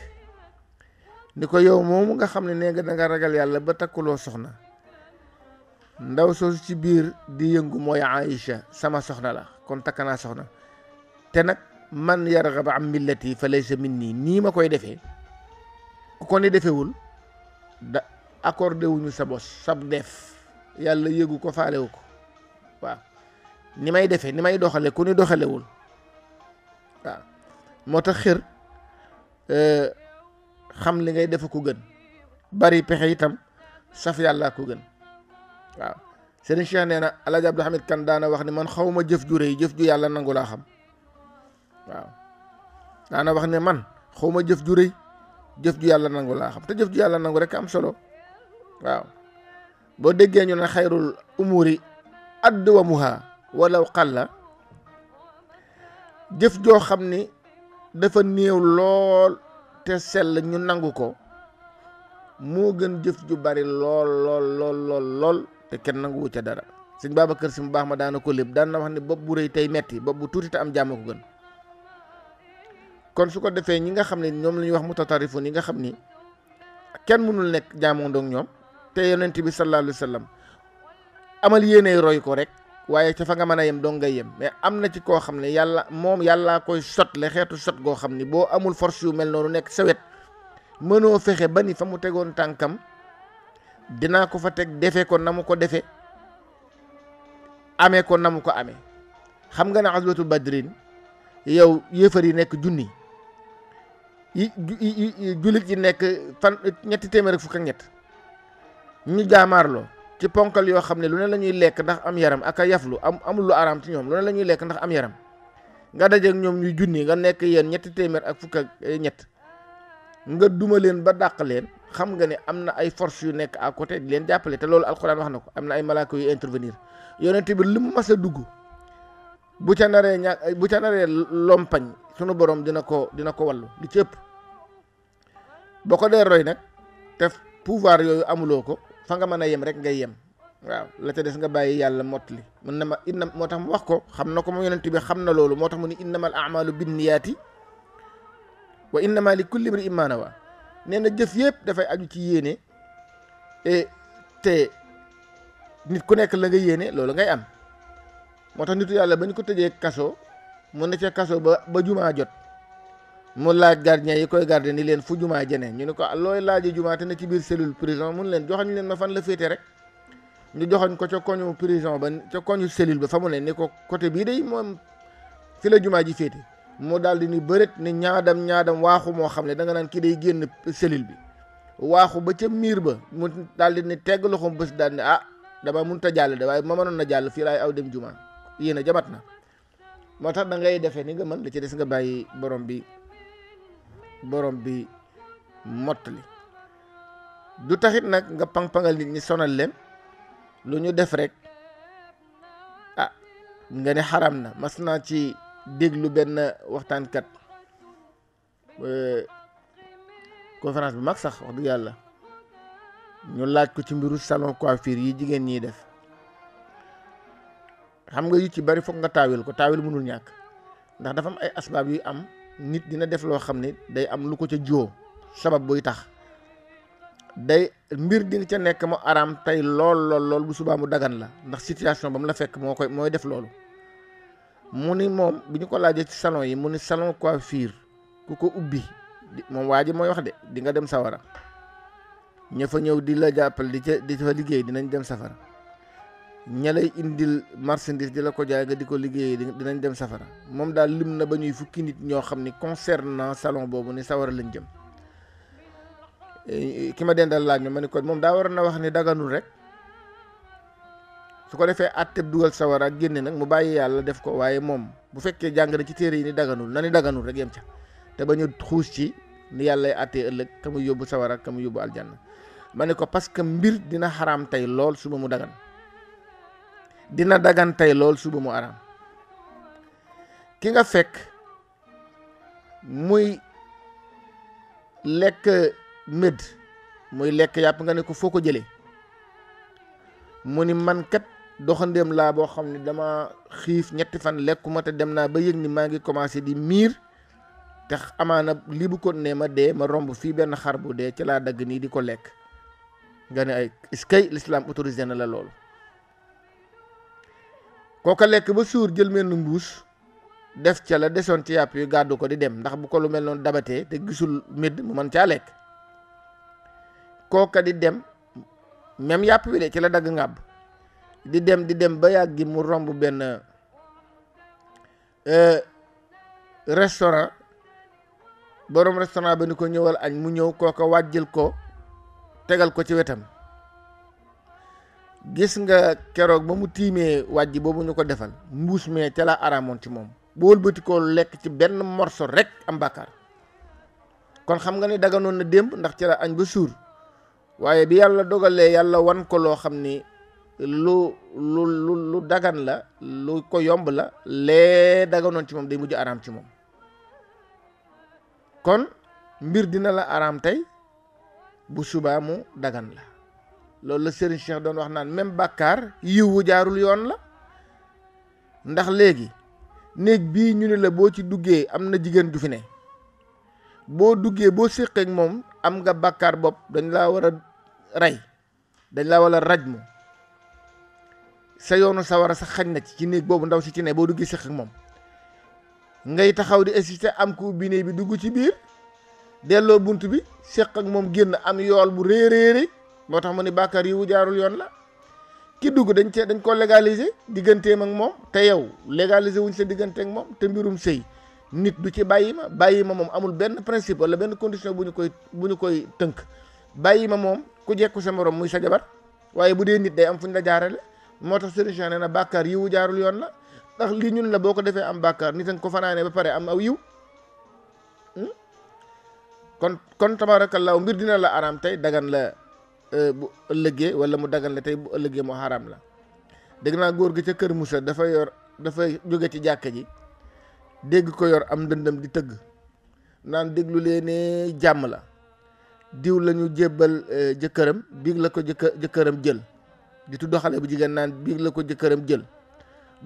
ni yow moomu nga xam ne nga da nga ragal yàlla ba takkuloo soxna ndaw soosu ci biir di yëngu mooy Aïcha sama soxna la kon takk naa soxna te nag man yargaba am millati fa minni nii ma koy defee ku ko ni defewul da accordé wuñu sa bos sab def yàlla yëgu ko faalewu ko waaw ni may defee ni may doxale ku ni doxalewul waaw moo tax xër xam li ngay def ko gën bari pexe itam saf yàlla ko gën waaw Serigne Cheikh neena na Abdou Hamid Kan daana wax ni man xawma jëf ju reey jëf ju yàlla nangula xam waaw daana wax ni man xawma jëf ju reey jëf ju yàlla nangula xam te jëf ju yàlla nangul rek am solo waaw boo déggee ñu ne xayrul umuri walla xal la jëf joo xam ni dafa néew lool te sell ñu nangu ko moo gën jëf ju bari lool lool lool lool lool te kenn nanguwu ca dara sëñ Babacar Si mu baax ma daana ko lépp daan na wax ni bopp bu rëy tey metti bopp bu tuuti te am jàmm ko gën kon su ko defee ñi nga xam ne ñoom lañuy wax mu tatarifu ñi nga xam ni kenn mënul nekk jaamondoog ñoom te yonent bi sallallahu alayhi wa sallam amal yéene roy ko rek waaye ca fa nga mën a yem doo nga yem mais am na ci koo xam ne yàlla moom yàllaa koy sot sotle xeetu sot goo xam ni boo amul force yu mel noonu nekk sa wet mënoo fexe ba ni fa mu tegoon tànkam dinaa ko fa teg defe ko namu ko defe amee ko na mu ko amee xam nga ne asbatu badrin yow yéefar yi nekk junni yi jullit yi nekk fan ñetti téeméer ak fukk ak ñett ñu jaamaarloo ci ponkal yoo xam ne lu ne la ñuy lekk ndax am yaram ak a yaflu am amul lu araam ci ñoom lu ne la ñuy lekk ndax am yaram nga dajeek ñoom ñuy junni nga nekk yéen ñetti téeméer ak fukk eh, ñett nga duma leen ba dàq leen xam nga ne am na ay force yu nekk ak côté di leen jàppale te loolu alxuraan wax na ko am na ay malaaka yu intervenir yonent bi lu mu mas a dugg bu ca naree ñàkk bu ca naree lompañ sunu borom dina ko dina ko wallu li ci ëpp ko dee roy nag te yooyu amuloo ko fa nga mën a yem rek ngay yem waaw la ca des nga bàyyi yàlla mottali mën na ma inna moo tax mu wax ko xam na ko moom yonent bi xam na loolu moo tax mu ni innamal amalu binniyaati wa innama li kulli imri na jëf yëpp dafay aju ci yéene e, te ku nekk la nga yéene loolu ngay am moo tax nitu yàlla ba ñu ko tëjee kaso mun na ca kaso ba ba jumaa jot mu laaj gardien yi koy garder ni leen fu jumaa jenee ñu ne ko looy laaji jumaa te ne ci biir cellule prison mun leen joxoñ leen ma fan la féete rek ñu joxoñ ko ca koñu prison ba ca koñu selil ba fa mu ne ni ko côté bii day moom fi la jumaa ji féete mu daal di ni bëreet ni ñaadam ñaadam waaxu moo xam ne da nga naan kii day génn cellule bi waaxu ba ca miir ba mu daal di ni tegg loxoom bés daal ne ah dama mënut a jàll de waaye ma mënoon na jàll fii laay aw dem jumaa yéen a jamat na moo tax da ngay defee ni nga mën la ci des nga bàyyi borom bi borom bi mott mottali du taxit nag nga pang-pangal nit sonal leen lu ñu def rek ah nga ne xaram na mas naa ci lu benn waxtaankat euh, conférence bu mag sax wax dëgg yàlla ñu laaj ko ci mbiru salon coiffure yi jigéen ñiy def xam nga yu ci bari foog nga taawil ko taawil mënul ñàkk ndax dafa am ay asbaab yuy am nit dina def loo xam ni day am lu ko ca joo sabab buy tax day mbir dina ca nekk mu araam tey lool lool lool bu subaa mu dagan la ndax situation ba mu la fekk moo koy mooy def loolu mu ni moom bi ñu ko laajee ci salon yi mu ni salon coiffure ku ko ubbi moom waa ji mooy wax de di nga dem sawara ña fa ñëw di la jàppal di ca di fa liggéey dinañ dem safara ñalay indil marchandise dila ko jaay ga di ko dinañ dem safara mom daal lim na ba ñuy fukki nit ñoo xam ni concernant salon boobu ni sawar lañ jëm eh, ki ma dendal laaj ma mané ko mom da war na wax ni daganul rek su ko defé atté dugal sawara ak nak mu bayyi yalla def ko waye mom bu fekké jàng na ci téré yi ni daganul nani daganul rek yam ca té bañu xuus ci ni yalla lay attee ëllëg sawara kamu yobbu aljanna mané ko parce que mbir dina haram tay lool suma mu dagan dina dagan tey lool suba mu araam ki nga fekk muy lekk médd muy lekk yàpp nga ne ko foo ko jëlee mu ni man kat doxandéem laa boo xam ne dama xiif ñetti fan lekkuma te dem naa ba yëg ni maa ngi commencé di miir te amaana lii bu ko nee ma dee ma romb fii benn xar bu dee ci laa dagg nii di ko lekk nga ne ay iskay lislaam autorisé na la loolu kooka lekk ba suur jël menn mbuus def ca la desoon ci yàpp yu gàddu ko di dem ndax bu ko lu mel noonu dabatee te gisul mid mu mën caa lekk kooka di dem même yàpp wi de ci la dagg ngàbb di dem di dem ba yàgg mu romb benn euh, restaurant borom restaurant ba ni ko ñëwal añ mu ñëw kooka wàjjil ko tegal ko ci wetam gis nga keroog ba mu tiimee wàjj boobu ñu ko defal mbuus mee ca la araamoon ci moom bu wëlbati ko lekk ci benn morso rek am bàkkaar kon xam nga ne daganoon na démb ndax ci la añ ba suur waaye bi yàlla dogalee yàlla wan ko loo xam ni lu lu lu lu dagan la lu ko yomb la lee daganoon ci moom day mujj araam ci moom kon mbir dina la araam tey bu subaa mu dagan la loolu la Serigne Cheikh doon wax naan même bàkkaar yiwu jaarul yoon la ndax léegi néeg bii ñu ne la boo ci duggee am na jigéen ju fi ne boo duggee boo séqeek moom am nga bàkkaar bopp dañ laa war a rey dañ laa war a raj mu sa yoonu a sax xañ na ci ci néeg boobu ndaw si ci ne boo duggee séqeek moom ngay taxaw di insisté am ku ubbi néeg bi dugg ci biir delloo bunt bi séq moom génn am yool bu réeréeri moo tax mu ni bàkkaar yi wu jaarul yoon la ki dugg dañ cee dañ koo légaliser digganteem ak moom te yow légaliser wuñ sa diggante ak moom te mbirum sëy nit du ci bàyyi ma bàyyi ma moom amul benn principe wala benn condition bu ñu koy bu ñu koy tënk bàyyi ma moom ku jekku sa morom muy sa jabar waaye bu dee nit day am fu ñu la jaarale moo tax sëriñ nee na bàkkaar yiwu jaarul yoon la ndax lii ñun la boo ko defee am bàkkaar nit a ko fanaanee ba pare am aw yiw hmm? kon kon tabaarakallaahu mbir dina la araam tey la Euh, bu ëllëgee wala mu dagal la tey bu ëllëgee mu xaraam la dégg naa góor gi ca kër Moussa dafa yor dafay jóge ci jàkka ji dégg ko yor am ndëndam di tëgg naan déglu leen ne jàmm la diw lañu ñu jébbal euh, jëkkëram biig la ko jëkk jëkkëram jël di tudd xale bu jigéen naan biig la ko jëkkëram jël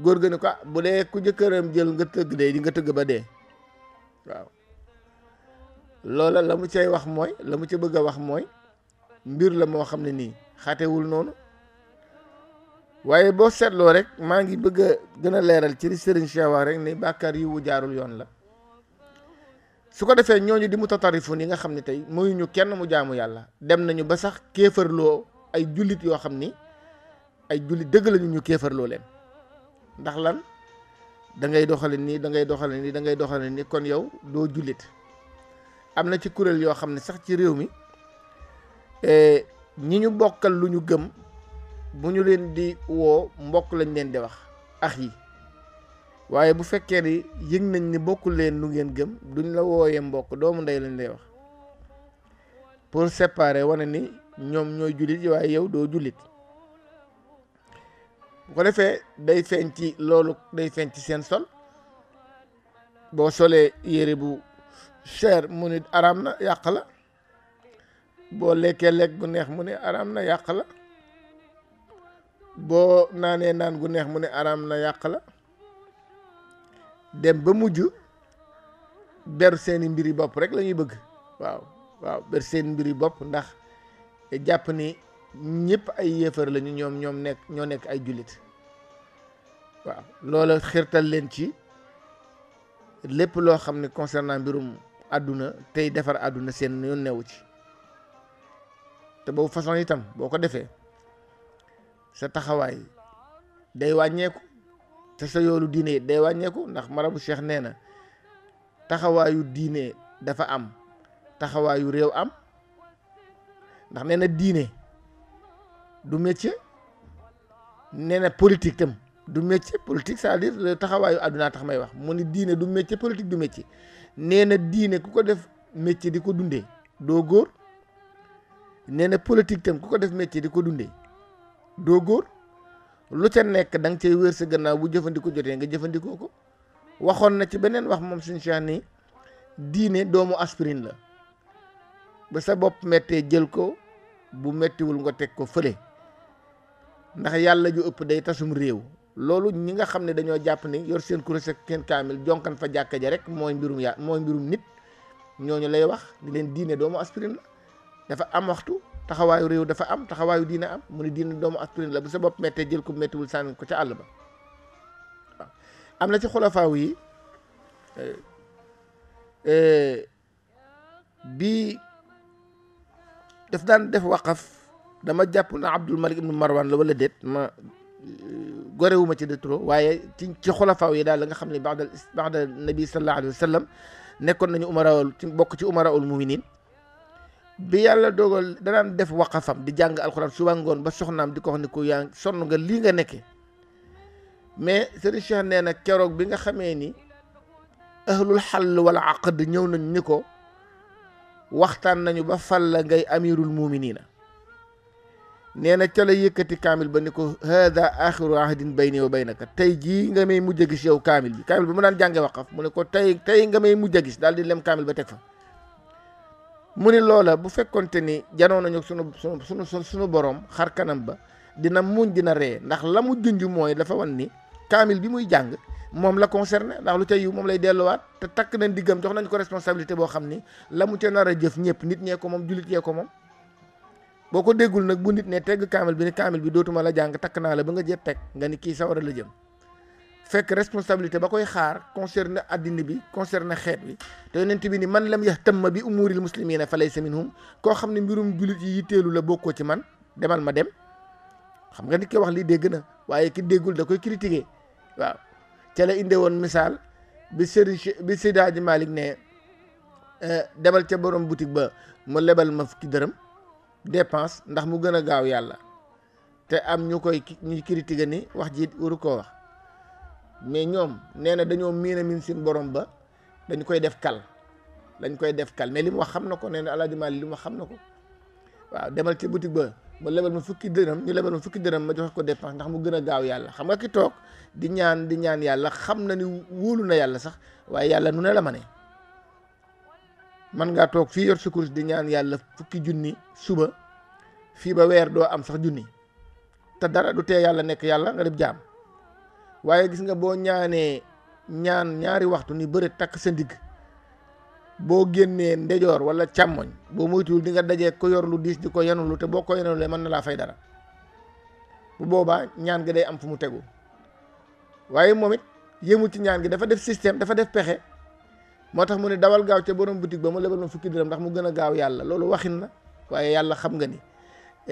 góor gi ne ko ah, bu dee ku jëkkëram jël nga tëgg dee di nga tëgg ba dee waaw loola la mu cay wax mooy la mu ca bëgg a wax mooy mbir la moo xam ne nii xaatewul noonu waaye boo seetloo rek maa ngi bëgg a gën a leeral ci li Serigne rek ni bàkkaar yi wu jaarul yoon la su ko defee ñooñu di mu tatarifu ni nga xam ne tey mooy ñu kenn mu jaamu yàlla dem nañu ba sax kéefarloo ay jullit yoo xam ni ay jullit dëgg lañu ñu kéefarloo leen ndax lan dangay doxali doxale nii da ngay doxale nii da ngay doxale nii kon yow doo jullit am na ci kuréel yoo xam ne sax ci réew mi Eh, ñi ñu bokkal lu ñu gëm bu ñu leen di woo mbokk lañ leen di wax ax yi waaye bu fekkee ni yëg nañ ni bokkul leen lu ngeen gëm duñ la wooyee mbokk doomu ndey lañ lay wax pour séparer wane ni ñoom ñooy jullit yi waaye yow doo jullit bu ko defee day feeñ ci loolu day feeñ ci seen sol boo solee yére bu cher mu nit araam na yàq la bo lekke lek gu neex mu ne aram na yàq la bo nané nan gu neex mu ne aram na yàq la dem ba mujj biri seen mbiri bop rek lañuy bëgg waaw waaw ber seen mbiri bop ndax japp ni ñepp ay yéefar lañu ñom ñom nek ño nek ay julit waaw loolu xirtal leen ci lépp loo xam ne concernant mbirum aduna tey defar aduna seen yoon newu te boobu façon itam boo ko defee sa taxawaay day wàññeeku te sa yoolu diine yi day wàññeeku ndax marabu cheikh nee na taxawaayu diine dafa am taxawaayu réew am ndax nee na diine du métier nee na politique tam du métier politique saa à dire taxawaayu àdduna tax may wax mu ni diine du métier politique du métier nee na diine ku ko def métier di ko dundee doo góor nee na politique tam ku ko def métier di ko dundee doo góor lu ca nekk da nga cay sa gannaaw bu jëfandikoo jotee nga jëfandikoo ko waxoon na ci beneen wax moom suñu Cheikh nii diine doomu aspirine la ba sa bopp mettee jël ko bu méttiwul nga teg ko fële ndax yàlla ju ëpp day tasum réew loolu ñi nga xam ne dañoo jàpp ni yor seen kurus ak seen kaamil jonkan fa jàkka ja rek mooy mbirum ya mooy mbirum nit ñooñu lay wax di diine doomu aspirine la dafa am waxtu taxawayu rew dafa am taxawayu diina am mune ne diina doomu asturin la bu sa bop méttee jël ko méttiwul sànni ko ci àll ba amna ci khulafa wi euh bi daf dan def waqaf dama jàpp na Abdul Malik ibn Marwan la wala det ma gorewuma ci de trop waye ci ci xulafaaw yi daal nga xamni ne ba'da ba'da nabi sallallahu alayhi wasallam nekkon nañu umara ci bok ci umara ul muminin bi yàlla dogal danaan def waqafam di jàng alxuraan suba ngoon ba soxnaam di ko wax ni ko yaa sonn nga lii nga nekke mais Serigne Cheikh nee na keroog bi nga xamee ni ahlul xall wala aqd ñëw nañ ni ko waxtaan nañu ba fal la ngay amirul muminina nee na ca la yëkkati kaamil ba ni ko hada axiru ahdin bayni wa baynaka tey jii nga may mujj a gis yow kaamil bi kaamil bi mu daan jàngee waqaf mu ne ko tey tey nga may mujj a gis daal di lem kaamil ba teg fa mu lola bu fekkonté ni jano nañu suñu suñu suñu sunu borom xar kanam ba dina muñ dina ré ndax lamu mu moy dafa wan ni kamil bi muy jang mom la concerné ndax lu ca yiw moom lay wat te tak nañ digam jox nañ ko responsabilité bo xamni ni la nara jëf ñepp nit ñe ko mom julit yee ko mom boko déggul nag bu nit né tégg kamil bi ni kamil bi dootuma la jang tak na la ba nga jé tek nga ni kii sawara la jëm fekk responsabilité ba koy xaar concerne addina bi concerne xeet bi te yonent bi ni man lam yahtamma bi umuuril muslimina fa laysa minhum koo xam ne mbirum julit yi yitteelu la bokkoo ci man demal ma dem xam nga nit ki wax lii dégg na waaye ki déggul da koy critiquer waaw ca la inde woon misaal bi Serigne bi Seydi malik Malick ne demal ca borom boutique ba mu lebal ma fukki dërëm dépense ndax mu gën a gaaw yàlla te am ñu koy ñuy critiquer ni wax ji waru koo wax mais ñoom nee na dañoo miin a borom ba dañu koy def kal dañ koy def kal mais li mu wax xam na ko nee na Alaaji Maalik li mu wax xam na ko waaw demal ci boutique ba ba lebal ma fukki dërëm ñu lebal ma fukki dërëm ma jox ko dépense ndax mu gën a gaaw yàlla xam nga ki toog di ñaan di ñaan yàlla xam na ni wóolu na yàlla sax waaye yàlla nu ne la ma ne man ngaa toog fii yor secours di ñaan yàlla fukki junni suba fii ba weer doo am sax junni te dara du tee yàlla nekk yàlla nga def jaam waaye gis nga boo ñaanee ñaan ñaari waxtu ni bëri takk sa ndigg boo génnee ndejoor wala càmmoñ boo moytuwul di nga dajee ko yor lu diis di ko yenulu te boo ko yenulee mën na laa fay dara bu boobaa ñaan gi day am fu mu tegu waaye moom it yëmu ci ñaan gi dafa def système dafa def pexe moo tax mu ne dawal gaaw ca borom boutique ba mu lebal ma fukki dërëm ndax mu gën a gaaw yàlla loolu waxin na waaye yàlla xam nga ni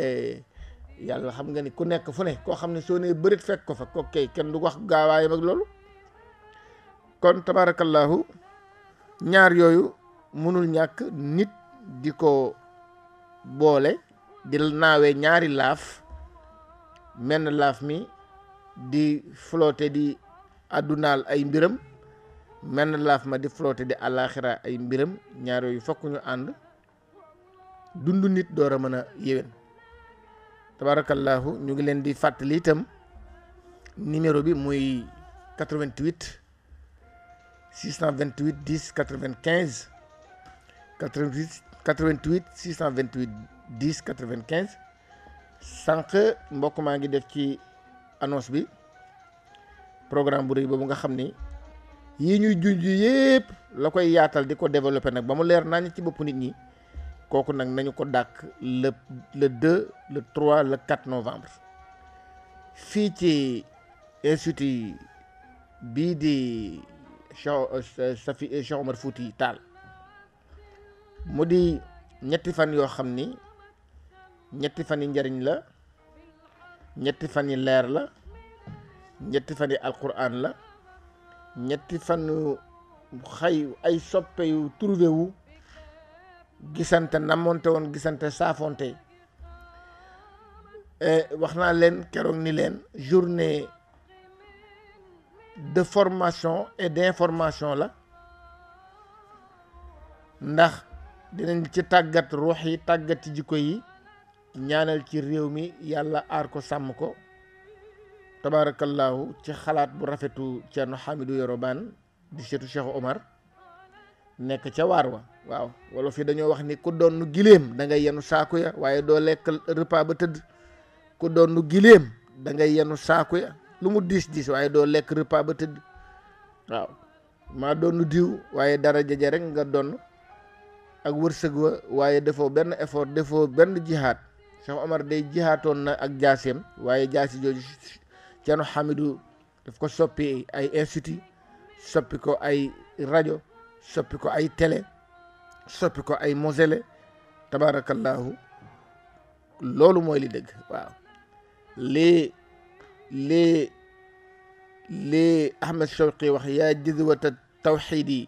eh, yàlla xam nga ni ku nekk fu ne koo xam ne soo nee bërit fekk ko fa ko kay kenn du wax gaawaayam ak loolu kon tabaarakallaahu ñaar yooyu mënul ñàkk nit di ko boole di naawee ñaari laaf menn laaf mi di flotte di àddunaal ay mbiram menn laaf ma di flotte di àllaaxira ay mbiram ñaar yooyu fokk ànd dund nit door a mën a yéwén tabaarakallaahu ñu ngi leen di fàttali itam numéro bi muy 88 628 10 95 88 88 628 10 95 sànq mbokk maa ngi def ci annonce bi programme bu rëy boobu nga xam ni yii ñuy junj yépp la koy yaatal di ko développé nag ba mu leer naa ñu ci boppu nit ñi. le 2 le 3 le 4 novembre fi ci institut bi di Cheikh euh, Safi euh, Omar Fouti tal mu di ñetti fan yo xamni fan yi la ñetti fan yi la ñetti fan la gisante namonte woon gisante saafonte e, wax naa leen keroog ni leen journée de formation et d'information la ndax dinañ ci tàggat ruux yi tàggat ci jikko yi ñaanal ci réew mi yàlla aar ko sàmm ko tabaarakallaahu ci xalaat bu rafetu Ceerno Hamidou Yoro Bane di seetu Cheikh Omar nekk ca waar wa waaw wala fi dañoo wax ni ku doon gileem da ngay yenu saaku ya waaye doo lekk repas ba tëdd ku doon gileem da ngay yenu saaku ya lu mu diis diis waaye doo lekk repas ba tëdd waaw maa doon diw waaye dara jaje rek nga doon ak wërsëg wa waaye defoo benn effort defoo benn jihad, sama Omar day jihaatoon na ak jaaseem waaye jaasi jooju Ceerno Hamidou daf ko soppi ay institut soppi ko ay rajo soppi ko ay télé soppi ko ay mosele tabarakallahu loolu mooy li dëgg waaw lii lii lii Ahmed Shawqi wax yaa jizwata tawxiidi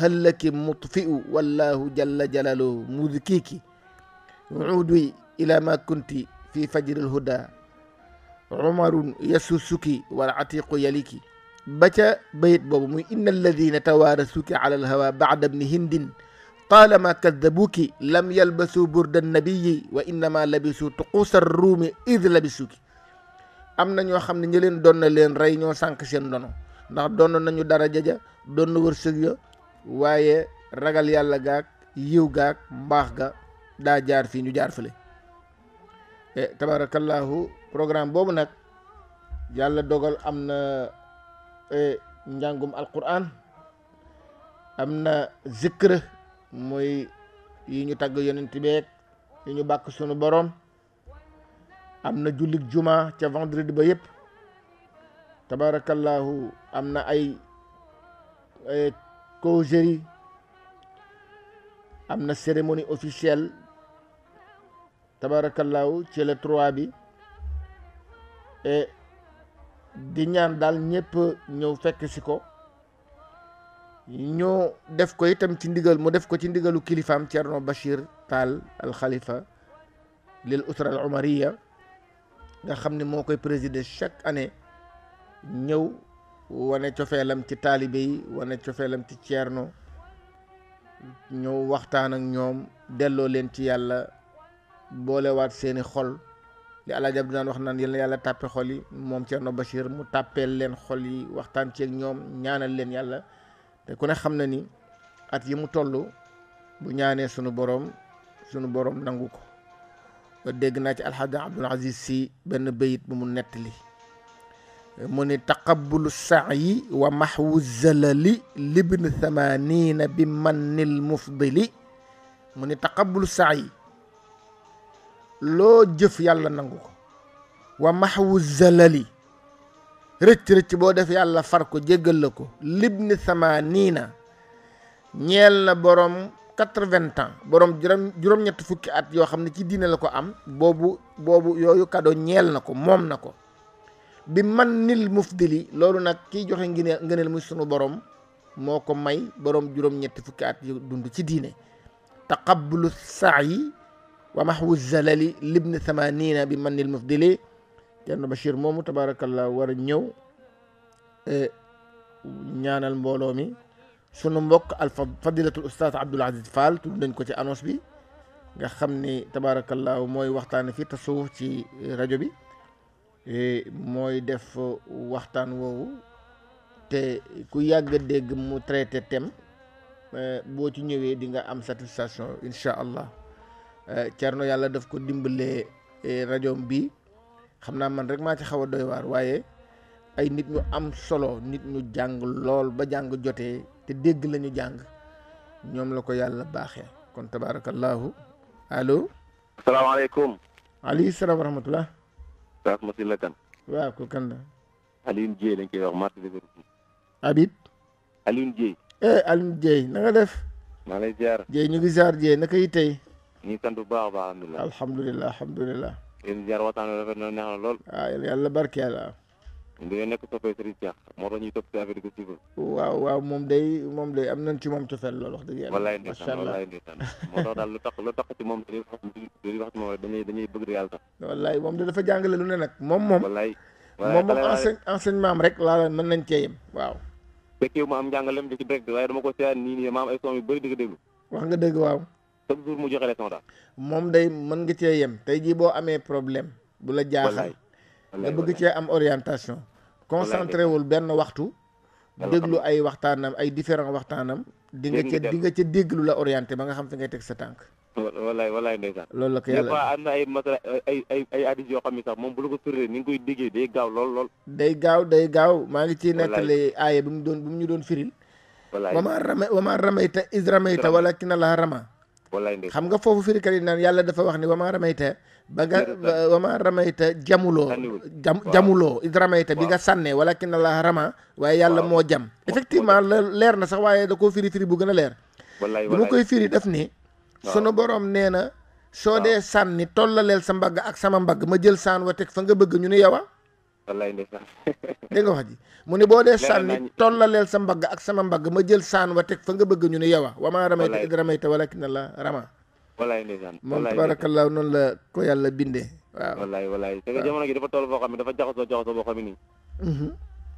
hal laki mutfiu wallahu jalla jalaluhu mudkiiki uudwi ila ma kunti fi fajri lhuda umarun yasusuki wal atiqu yaliki ba ca bayit boobu muy inna alladina tawaarasuki ala alhawa bacda bni hindin ki طالما كذبوك لم يلبسوا برد النبي وإنما لبسوا طقوس الروم إذ لبسوك am na ñoo xam ne ñi leen doon na leen rey ñoo sànq seen dono ndax doon nañu dara jaja doon na wërsëg ya waaye ragal yàlla gaag yiw gaag mbaax ga daa jaar fii ñu jaar fële eh, tabarakallahu programme boobu nag yàlla dogal am na eh, njàngum alquran am na zikr mooy yi ñu tagg yonent beeg yi ñu bàkk sunu borom am na jullik juma ca vendredi ba yëpp tabarakallahu am na ay causerie am na cérémonie officielle tabarakallahu ci le trois bi di ñaan daal ñëpp ñëw fekk si ko ñoo def ko itam ci ndigal mu def ko ci ndigalu kilifaam Thierno Bachir Tall al Khalifa lil usra al umariya nga xam ne moo koy présider chaque année ñëw wane cofeelam ci taalibe yi wane cofeelam ci Thierno ñëw waxtaan ak ñoom delloo leen ci yàlla boolewaat seeni xol li El Hadj Abdou naan wax naan yéen yàlla tàppe xol yi moom Thierno Bachir mu tàppeel leen xol yi waxtaan ci ak ñoom ñaanal leen yàlla. te ku ne xam na ni at yi mu toll bu ñaanee sunu borom sunu borom nangu ko ba dégg naa ci alxaaji abdul aziz si benn bayit bu mu nettali mu ni taqabulu saayi wa maxwu zalali libn thamanina bi mannil mufdili mu ni taqabulu saayi loo jëf yàlla nangu ko wa maxwu zalali rëcc-rëcc boo def yàlla far ko jéggal la ko libni sama niina ñeel na borom quatre vingt ans boroom juróom ñetti fukki at yoo xam ne ci diine la ko am boobu boobu yooyu kado ñeel na ko moom na ko bi man nil mufdili loolu nag kiy joxe ngine ngëneel muy sunu boroom moo ko may borom juróom-ñetti fukki at yu dund ci diine taqabulu saayi wa mahwu zalali libni samaniina bi man nil mufdili Thierno Bachir moomu tabaarakallaa war a ñëw e, ñaanal mbooloo mi sunu mbokk al fadilatul ustaaz Abdoul Aziz Fall tudd nañ ko ci annonce bi nga xam ni tabaarakallaa mooy waxtaan fi tasawuf ci rajo bi e, mooy def waxtaan woowu te ku yàgg dégg mu traité thème e, boo ci ñëwee di nga am satisfaction incha allah Thierno yàlla def ko dimbalee rajoom bi xam naa man rek maa ci xaw a doy waar waaye ay nit ñu am solo nit ñu jàng lool ba jàng jotee te dégg la ñu jàng ñoom la ko yàlla baaxee kon tabaarakallaahu allo. salaamaaleykum. aleykum salaam wa rahmatulah. Saas Masila Kan. waaw ko kan la. Alioune Dieye lañ koy wax marti Liverpool. Habib. Alioune Dieye. eh Alioune lay ziar. Dieye ñu ngi ziar Dieye naka yi tey. ñu ngi sant bu baax a baax alhamdulilah. alhamdulilah alhamdulilah. yéen ziar waxtaan rafet na neex na lool. Ah, waaw yàlla barkeel la. di nga nekk ñuy topp si affaire bi ko waaw waaw moom day moom day am na ci moom cofeel lool wax dëgg yàlla. wallaay ndeysaan wallaay ndeysaan moo tax moom dañuy wax ci moom rek dañuy dañuy bëgg yàlla sax. wallaay moom de dafa jàngale lu ne nag moom moom. moom moom enseigne enseignement rek laa la mën nañ cee yem waaw. fekkeewu ma am njàngalem di ci direct waaye dama ko seet nii nii ma am ay yu bëri di dégg wax nga dégg waaw chaque jour mu joxe leçon daal. moom day mën nga cee yem tey jii boo amee problème bu la jaaxal nga bëgg cee am orientation concentré wul benn waxtu déglu ay waxtaanam ay différents waxtaanam di nga ca di nga ca déglu la orienté ba nga xam fi ngay teg sa tànk wallaay wallaay ndeysaan loolu la ko yàlla des am na ay masala ay ay ay addis yoo xam ne sax moom bu la ko turee ni nga koy déggee day gaaw lool lool day gaaw day gaaw maa ngi ciy nettali aaye bi mu doon bi mu ñu doon firil wamaa rama wamaa ramayta is ramayta walakin Allaah rama xam nga foofu firikat yi naan yàlla dafa wax ni wamaa ramayta ba nga wamaa ramayta jamuloo jam jamuloo id ramayta bi nga sànnee walakin allah rama waaye yàlla moo jam effectivement la leer na sax waaye da koo firi firi bu gën a leer bi mu koy firi def ni sunu borom nee na soo dee sànni tollaleel sa mbagg ak sama mbagg ma jël saan wa teg fa nga bëgg ñu ne yow a wallaay ndeysaan dégg nga wax ji mu ne boo dee sànni tollaleel sa mbagg ak sama mbagg ma jël saan wa teg fa nga bëgg ñu ne yowa ah. wa maa ramayta id ramayta walakin allah rama wallaay ndeysaan moom tabarakallah noonu la ko yàlla bindee waaw wallaay wallaay c'est que jamono gi dafa toll boo xam ne dafa jaxasoo jaxasoo boo xam ne nii mm-hmm.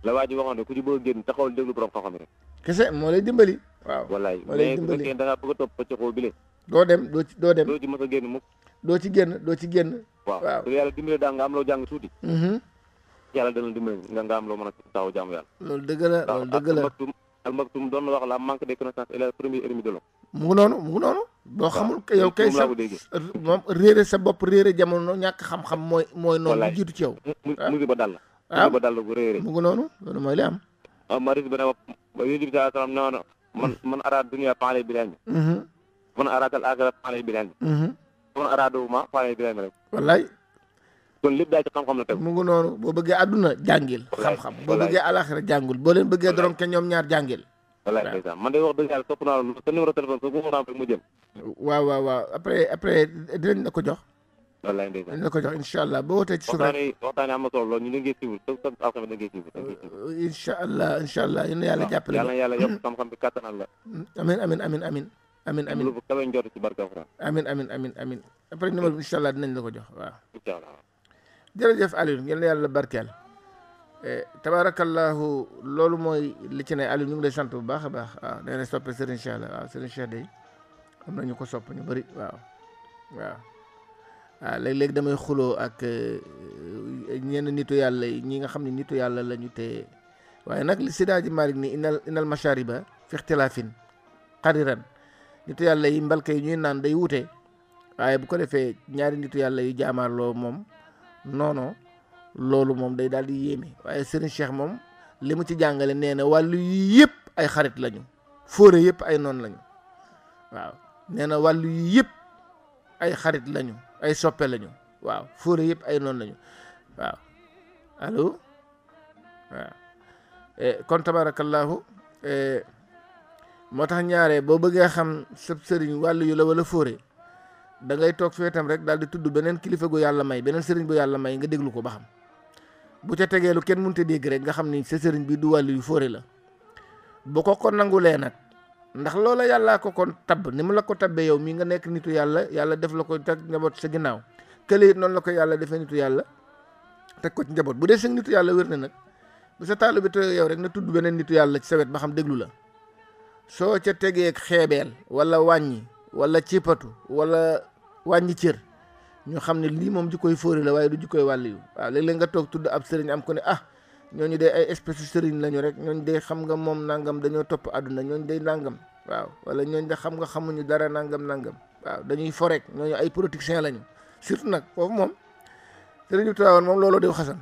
la waa ji waxoon ne ku ci bëgg génn taxawal déglu borom xam-xam rek kese moo lay dimbali waaw wallaay moo lay dimbali mais da ngaa bëgg a topp pëcc xool bile doo dem doo ci doo dem doo ci mës a génn mukk doo ci génn doo ci génn waaw su yàlla dimbali daa nga am loo jàng tuuti mm-hmm. yàlla dana dimbali nga nga am loo mën a taxaw jaamu yàlla. loolu dëgg la loolu dëgg la almaktum doon wax de connaissance est le premier ennemi de l'homme mu ngi noonu mu ngi noonu boo xamul yow kay sa moom réere sa bopp réere jamono ñàkk xam-xam mooy mooy noonu lu jiitu ci yow ah. musiba dal la ah. musiba dal la bu réere mu ngi noonu loolu mooy li am ah, maris bi ne wax yonent bi sallallahu alayhi wa sallam nee na man man araad dunya kon lépp daal ci xam-xam noonu boo bëggee àdduna jàngil xam-xam boo bëggee alaxira jàngul boo leen bëggee dorom ke ñoom ñaar jàngil wallaay ndeysaan man de wax dëgg yàlla sopp naa sa numéro téléphone sa bu ma rempli mu jël waaw waaw waaw après après dinañ la ko jox wallaay ndeysaan la ko jox incha allah boo wootee ci suuf rek yi am ñu da ngee suivre euh, allah incha allah yéen yàlla jàppale yàlla yàlla yokk la mm, amin amin amin amin amin amin lu kawe njort ci barka Alxuraan amin après numéro bi incha allah dinañ la ko jox waaw incha jërëjëf Alioune yal na yàlla barkeel e, tabaarakallaahu loolu mooy li ci ne Alioune ñu ngi lay sant bu baax a baax waaw nee na soppe Serigne Cheikh la waaw Serigne Cheikh day am na ñu ko sopp ñu bëri waaw waaw waaw ah, léeg damay xuloo ak e, e, ñenn nitu yàlla yi ñi nga xam ne nitu yàlla lañu ñu te waaye nag li sidaaji Malick ni inal inal mashariba fi ixtilaafin qariran nitu yàlla yi mbalka yi ñuy naan day wute waaye bu ko defee ñaari nitu yàlla yi yu jaamaarloo moom noonoo loolu moom day daal di yéeme waaye Serigne Cheikh moom li mu ci jàngale nee na wàllu yi yëpp ay xarit lañu fóore yëpp ay noon lañu waaw nee na wàllu yi yëpp ay xarit lañu ay soppe lañu waaw fóore yëpp ay noon lañu waaw allo waaw eh, kon tabaarakallaahu eh, moo tax ñaaree boo bëggee xam sëb sëriñ wàll yu la wala fóore da ngay toog fi wetam rek daal di tudd beneen kilifa gu yàlla may beneen sëriñ bu yàlla may nga déglu ko ba xam bu ca tegee lu kenn mun mënta dégg rek nga xam ni sa sëriñ bi du wàllu yu fóore la bu ko ko lee nag ndax loola yàlla ko kon tabb ni mu la ko tabbee yow mii nga nekk nitu yàlla yàlla def la ko teg njaboot sa ginnaaw kële noonu la ko yàlla defee nitu yàlla teg ko ci njaboot bu dee seen nitu yàlla wér na nag bu sa taalu bi te yow rek na tudd beneen nitu yàlla ci sa wet ba xam déglu la soo ca tegee xeebeel wala wàññi wala cipatu wala wàññi cër ñu xam ne lii moom jikkoy fóori la waaye du jikkoy wàll yu waaw léeg-léeg nga toog tudd ab sëriñ am ko ne ah ñooñu dee ay espèce sëriñ lañu rek ñooñu dee xam nga moom nangam dañoo topp àdduna ñooñu dee nangam waaw wala ñooñu de xam nga xamuñu dara nangam nangam dañuy fo rek ñooñu ay politiciens lañu nag foofu moom sëriñu Tiwaawan moom looloo diw xasan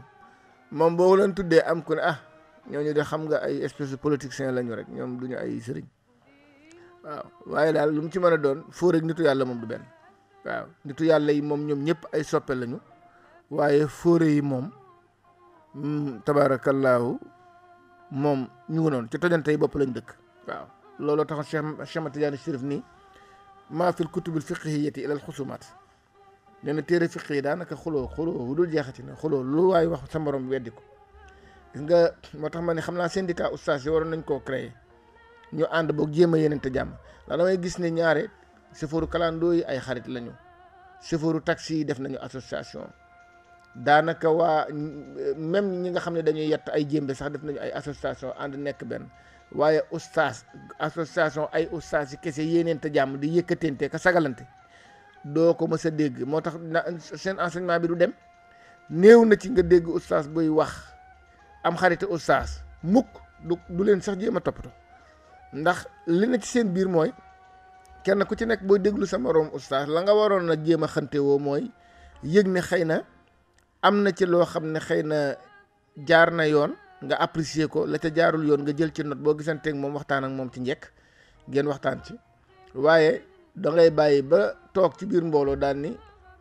moom boo leen tuddee am ku ne ah ñooñu de xam nga ay espèce politiciens lañu rek ñoom du ñu ay sëriñ waaw waaye daal lu mu ci mën a doon fóor ak nitu yàlla moom du benn waaw nitu yàlla yi moom ñoom ñëpp ay soppe lañu waaye fóore yi moom tabaarakallaahu moom ñu ngi noonu ci tojante yi bopp lañ dëkk waaw looloo tax Cheikh Ahmad Tidiane Chérif nii maa fil kutubil fiqhiyati ilal xusumaat nee na téere fiq yi daanaka xuloo xuloo wu jeexati na xuloo lu waay wax sa morom weddi ko gis nga moo tax ma ne xam naa syndicat oustaz yi waroon nañ koo créer ñu ànd boog jéem a yéenante jàmm ndax damay gis ne ñaare chauffeuru kalandoo yi ay xarit lañu chauffeuru tax yi def nañu association daanaka waa même ñi nga xam ne dañuy yett ay jémbe sax def nañu ay association ànd nekk benn waaye ustaas association ay ustaas yi kese yéeneente jàmm di yëkkateente ka sagalante doo ko mës a dégg moo tax seen enseignement bi du dem néew na ci nga dégg ustaas buy wax am xarite ustaas mukk du du leen sax jéem a toppatoo ndax li na ci seen biir mooy kenn ku ci nekk booy déglu sa moroom ustaas la nga waroon a jéema xantewoo mooy yëg ne xëy na am na ci loo xam ne xëy na jaar na yoon nga apprécier ko la ca jaarul yoon nga jël ci note boo gisanteek moom waxtaan ak moom ci njekk ngeen waxtaan ci waaye dangay bàyyi ba toog ci biir mbooloo daal ni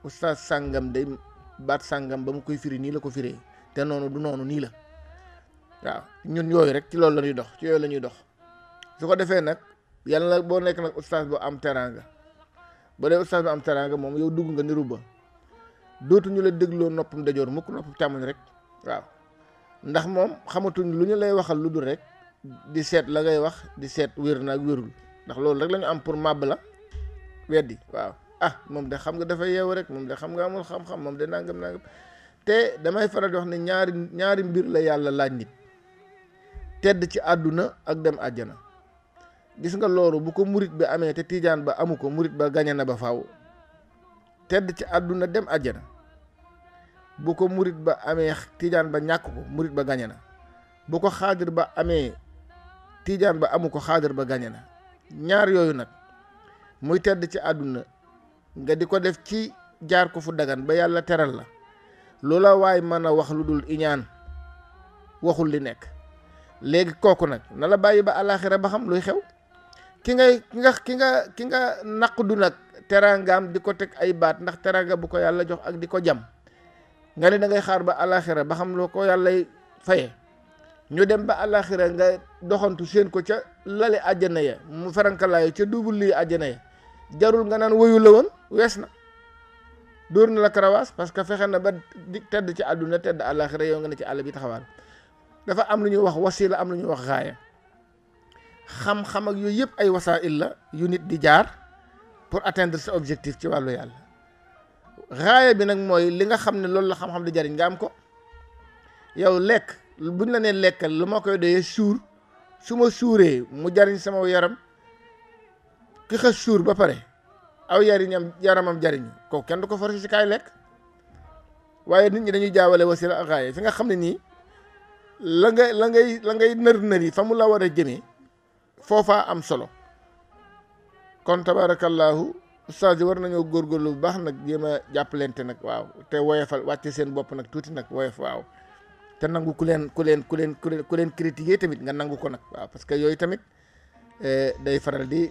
ustaas sàngam de baat sàngam ba mu koy firi nii la ko firee te noonu du noonu nii la waaw ñun yooyu rek ci loolu lañuy dox ci yooyu lañuy dox su ko defee nag yàlla nag boo nekk nag ustaas boo am teraanga ba dee ustaas bu am teraanga moom yow dugg nga niru ba dootu ñu la dégloo noppam dajoor mukk noppam càmmoñ rek waaw ndax moom xamatuñ lu ñu lay waxal lu dul rek di seet la ngay wax di seet wér nag ak wérul ndax loolu rek lañu am pour màbb la weddi waaw ah moom de xam nga dafa yeewu rek moom de xam nga amul xam-xam moom de nangam nangam te damay faral di wax ne ñaari ñaari mbir la yàlla laaj nit tedd ci àdduna ak dem àjjana gis nga loolu bu ko murit bi amee te ba amu ko murit ba gagné na ba faw tedd ci aduna dem aljana bu ko murit ba amee tiijaan ba ñàkk ko murit ba gagné na bu ko xaadir ba amee tiijaan ba amu ko xaadir ba gagné na ñaar yooyu nag muy tedd ci aduna nga di ko def ci jaar ko fu dagan ba yàlla teral la lola waay mën a wax lu dul iñaan waxul li nekk léegi kooku nag na la ba alakhirah ba xam luy xew ki ngay ki nga ki nga ki nga naq du nag teraangaam di ko teg ay baat ndax teranga bu ko yalla jox ak di jam nga ni da ngay xaar ba alakhirah ba xam lo ko yalla faye ñu dem ba alakhirah nga doxantu seen ko ca lale aljana ya mu lay ca dubul li aljana ya jarul nga nan wayu lewon wessna dur na la karawas parce que fexe na ba di tedd ci aduna tedd alakhirah yow nga ci àll bi taxawal dafa am lu ñu wax wasila am lu ñu wax gaaya xam-xam ak yooyu yëpp ay wasaa'il la yu nit di jaar pour atteindre sa objectif ci wàllu yàlla raaya bi nag mooy li nga xam ne loolu la xam-xam di jariñ nga am ko yow lekk buñ la nee lekkal lu ma koy doyee suur su ma suuree mu jariñ sama yaram ki xas suur ba pare aw yariñam yaramam jariñu ko kenn du ko forcé si kaay lekk waaye nit ñi dañuy jaawale wasila ak raaya fi nga xam ne nii la ngay la ngay la ngay nër nër yi fa mu la war a jëmee foofaa am solo kon tabaarakallaahu ustaas yi war nañoo góorgóorlu bu baax nag jéem a jàppalente nag waaw te woyefal wàcce seen bopp nag tuuti nag woyef waaw te nangu ku leen ku leen ku leen ku leen critiquer tamit nga nangu ko nag waaw parce que yooyu tamit eh, day faral di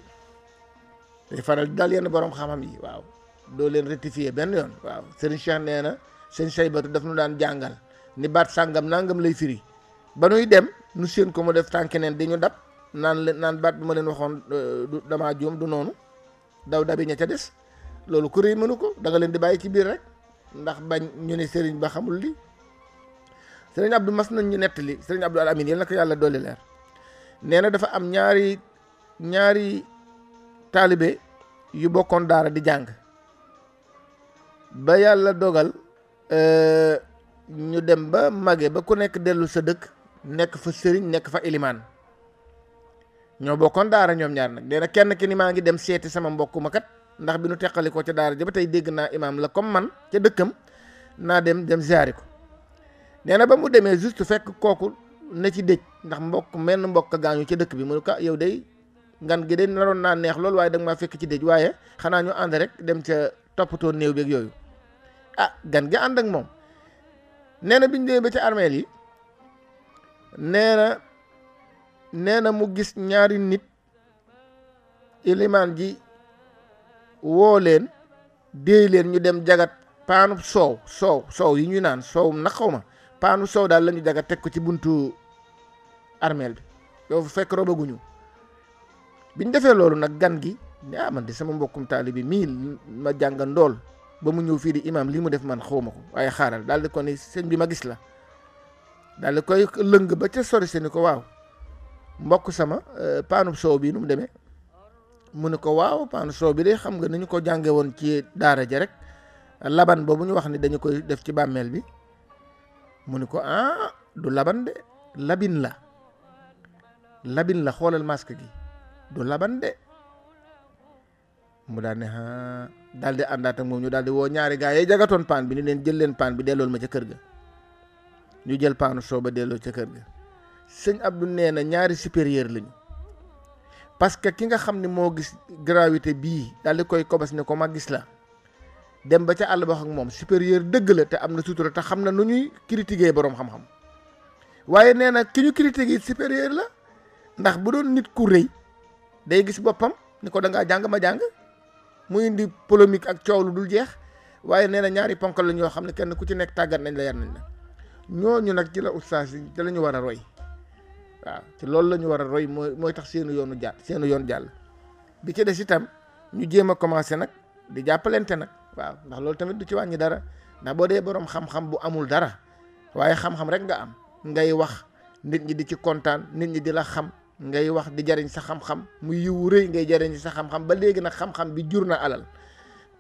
day faral di dal yenn borom xam-xam yi waaw doo leen rectifier benn yoon waaw Serigne Cheikh nee na seen saybatu daf nu daan jàngal ni baat sàngam nangam lay firi ba nuy dem nu séen ko mu def tànkeneen di ñu dab Nan leen naan baat bi ma leen waxoon euh, du damaa du noonu daw dabi ña ca des loolu kuréel mënu ko da nga di bàyyi ci bir rek ndax bañ ñu ni sëriñ ba xamul li sëriñ Abdou mas nañ ñu nettali sëriñ Abdou Al Amin yel nak yalla doli leer neena dafa am ñaari ñaari talibé yu bokkon dara di jang ba yalla dogal euh, ñu dem ba mage ba ku nekk delu sa dekk nekk fa sëriñ nekk fa iliman ñoo bokkoon daara ñoom ñaar nag nee na kenn ki ni maa ngi dem seeti sama mbokk ma kat ndax bi nu teqali ko ca daara ja ba tey dégg naa imaam la comme man ca dëkkam naa dem dem ziyaari ko nee na ba mu demee juste fekk kooku na ci dëj ndax mbokk menn mbokk gaañu ca dëkk bi mu ne ko ah, yow day ngan gi de naroon naa neex loolu waaye da maa fekk ci dëj waaye xanaa ñu ànd rek dem ca toppatoo néew beeg yooyu ah gan gi ànd ak moom nee na biñ dee ba ca armeel yi nena mu gis ñaari nit ilimaan gi woo leen déey leen ñu dem jagat Panu soow soow soow yi ñu naan soow naqaw ma paanu soow daal lañu jagat teg ko ci buntu armel bi doofu fekk robaguñu biñ defee loolu nag gan gi ya man di sama mbokkum talibi mi ma jànga ndool ba mu ñëw fii di imam li mu def man xawma ko waaye xaaral daal di ko ni sëñ bi ma gis la daal di koy lëng ba ca sori ni ko mbokk sama euh, paanu soow bii nu mu demee mu ne ko waaw paanub soow bi de xam nga ni ñu ko jànge woon ci daara ja rek laban bu ñu wax ni dañu koy def ci bàmmeel bi mu ne ko ah du laban de labin la labin la xoolal masque gi du laban de mu daal ne ah daal di àndaat ak moom ñu daal di woo ñaari gaa yee jagatoon paan bi ni leen jël leen paan bi dellool ma ca kër ga ñu jël paanu soow ba delloo ca kër ga sëñ Abdou nee na ñaari supérieur lañu parce que ki nga xam ne moo gis gravité bii daal di koy kobas ne ko ma gis la dem ba ca àll ba ak moom supérieur dëgg la te am na sutura te xam na nu ñuy critiquer borom xam-xam na ki ñu critiquer supérieur la ndax bu doon nit ku rëy day gis bopam ni ko da ngaa jàng ma jàng muy indi polémique ak coow dul jeex waaye nee na ñaari ponk la ñoo xam ne kenn ku ci nekk nañ la yar nañ la ñooñu nag ci la ustaas ci roy waaw te loolu la ñu war a roy mooy mooy tax seenu yoonu jàll seenu yoon jàll bi ci des itam ñu jéem a commencé nag di jàppalante nag waaw ndax loolu tamit du ci wàññi dara ndax boo dee borom xam-xam bu amul dara waaye xam-xam rek nga am ngay wax nit ñi di ci kontaan nit ñi di la xam ngay wax di jariñ sa xam-xam mu yiwu rëy ngay jariñ sa xam-xam ba léegi nag xam-xam bi jur na alal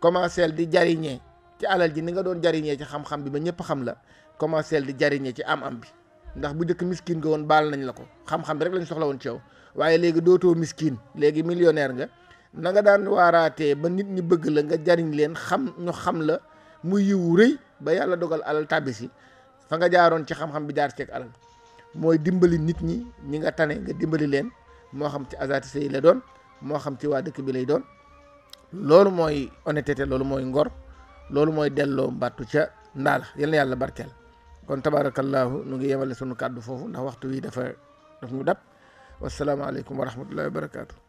commencé di jariñee ci alal ji ni nga doon jariñee ci xam-xam bi ba ñëpp xam la commencé di jariñee ci am-am bi ndax bu njëkk miskin nga woon baal nañ la ko xam-xam rek lañ soxla woon ci yow waaye léegi dootoo miskin léegi millionnaire nga na nga daan waaraatee ba nit ñi bëgg la nga jariñ leen xam ñu xam la mu yiwu rëy ba yàlla dogal alal tàbbi si fa nga jaaroon ci xam-xam bi jaar ceeg alal mooy dimbali nit ñi ñi nga tane nga dimbali leen moo xam ci asatise yi la doon moo xam ci waa dëkk bi lay doon loolu mooy honnêteté loolu mooy ngor loolu mooy delloo mbattu ca ndaala yal na yàlla kon tabaarakallaahu nu ngi yemale sunu kàddu foofu ndax waxtu wi dafa daf ñu dab wasalaamaaleykum wa rahmatullahi wa barakaatu.